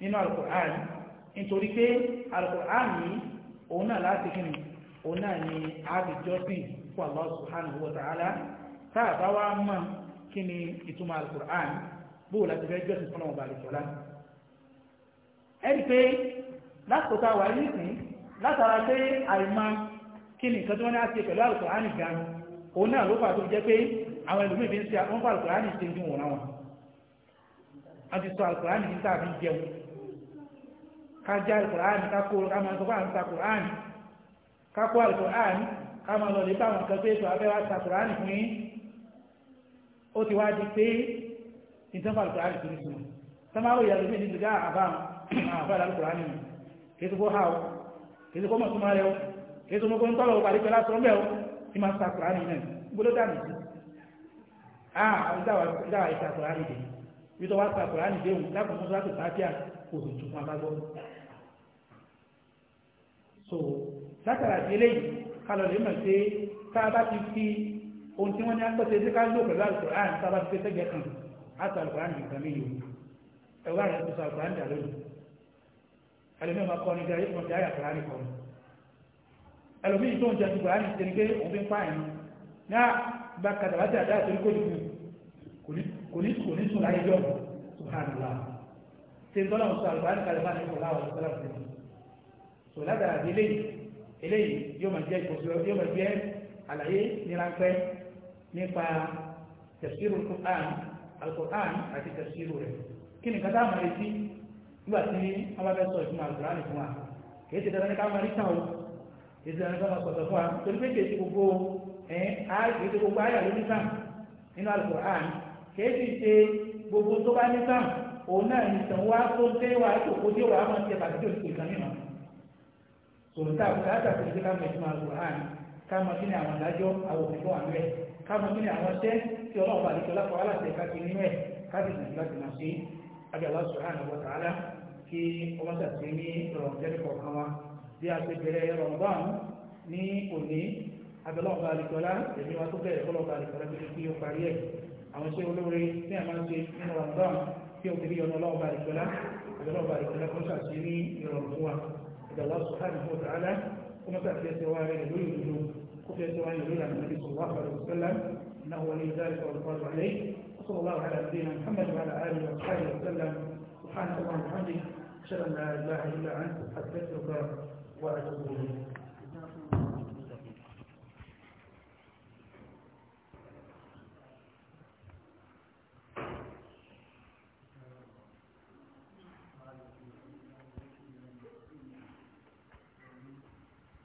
nínú alukur'an nítorí pé alukur'an yìí òun náà láti kí ni òun náà ni àbíjọ́sìn fún Allah subhanahu wa ta'ala tá a bá wá mọ̀ kí ni ìtumọ̀ alukur'an bóò láti fẹ́ jọ́sìn fún ọmọ bàlẹ̀ sọ́lá ẹ̀rí pé lásìkò tá a wà nísìnyí látara pé àìmá kí ni nǹkan tí wọ́n ní àti pẹ̀lú àlùkùránì gan o náà ló fà tó jẹ́ pé àwọn ẹlòmíì fi ń ṣe àwọn àlùkùránì ṣe ju wọn wọn a ti sọ àlùkùránì ní tàbí jẹun ká já àlùkùránì ká kó ká máa sọ fún àwọn àlùkùránì ká kó àlùkùránì ká máa lọ lè bá àwọn kan pé ètò abẹ́wà àlùkùránì fún yín ó ti wá di pé ìtàn àlùkùránì tó ní sùn sọmáwó ìyàlómí ní ti dá àbá àwọn àbá àlùkùránì kí tó bó hà kìí kọ́ mọ̀ tó máa rẹ̀ ọ́ kìí tó mọ́kọ́ ń tọ́lọ̀ ọ̀pàá rípẹ́ lásán mẹ́ ọ́ tí máa sa kùránì náà gbọ́dọ̀ dànù sí àà ìdáwà ìta kùránì dé bí tó wá sa so látara sí eléyìí kálọ̀ lè mọ̀ pé tá a bá ti fi ohun tí wọ́n ní apẹ́sẹ̀ tí ká lò pẹ̀lú àlùkùránì tá a bá ti fi sẹ́gbẹ̀ẹ́ kan á sa àlùkùránì nìkan mí yòó ẹ̀rọ ẹlòmíì ọmọ kọrin gẹ́gẹ́ yóò jẹ́ àyàkùrá ní kọrin ẹlòmíì tó ń jẹ́ àtìgbà ní ìṣẹ́ni pé òun fi ń pààyàn ní àgbà kàtàkàtà àdá àti oríkò ìlú kò ní kò ní sùn láyé jọ sùhánùlá ṣe ń tọ́lá ọ̀sán àlùbá ní kalẹ̀ máa ní kọ̀ọ̀lá ọ̀sán sọ́lá ọ̀sán sọ ládàá àti eléyìí eléyìí yóò máa jẹ́ ìkọ̀sọ́ yóò máa jẹ́ àlàyé níranpẹ́ nípa tafsirul Qur'an àti tafsiru rẹ̀ kí ni kátà máa retí nígbà tí wọ́n bá fẹ́ sọ ìtumọ̀ àlùkùránì fún wa kìí ṣe dandan ní ká máa rí tàn o kìí ṣe dandan ní ká máa sọ̀tọ̀ fún wa torí pé kìí ṣe gbogbo ẹ̀ kìí ṣe gbogbo ayà ló ní tàn nínú àlùkùránì kìí ṣe ṣe gbogbo tó bá ní tàn òun náà ní tàn wá tó dé wa ìṣòkò dé wa máa ń tẹ bàtí òṣìṣẹ́ ìkan nínú sòrùtà bùkátà kìí ṣe ká máa ìtumọ̀ àlùkùránì ká máa kí ni àwọn ìdájọ́ àwọn òfin tó wà nílẹ̀ ká máa kí ni àwọn iṣẹ́ tí ọlọ́run bá lè ṣe ká ti nínú ẹ̀ ká sì sàn láti máa ṣe é àbí Allah subhanahu wa ta'ala kí ọmọ tàbí ní rọrùn jẹ́ nípa ọ̀kan wa bí a ti bẹ̀rẹ̀ Ramadan ní òní àbí ọlọ́ọ̀bá àlìkọ́lá èmi wa tó bẹ̀rẹ̀ ọlọ́ọ̀bá àlìkọ́lá tó kí ó parí ẹ̀ àwọn iṣẹ́ olóore tí a ṣe nínú Ramadan kí o kiri ọ̀nà ọlọ́ọ̀bá àlìkọ́lá àbí ọlọ́ọ̀bá àlìkọ́lá kó sàṣì ní ìrọ̀rùn wa àbí وصلى الله على نبينا محمد وعلى آله وصحبه وسلم سبحانك اللهم وبحمدك أشهد أن لا إله إلا أنت أستغفرك وأتوب إليك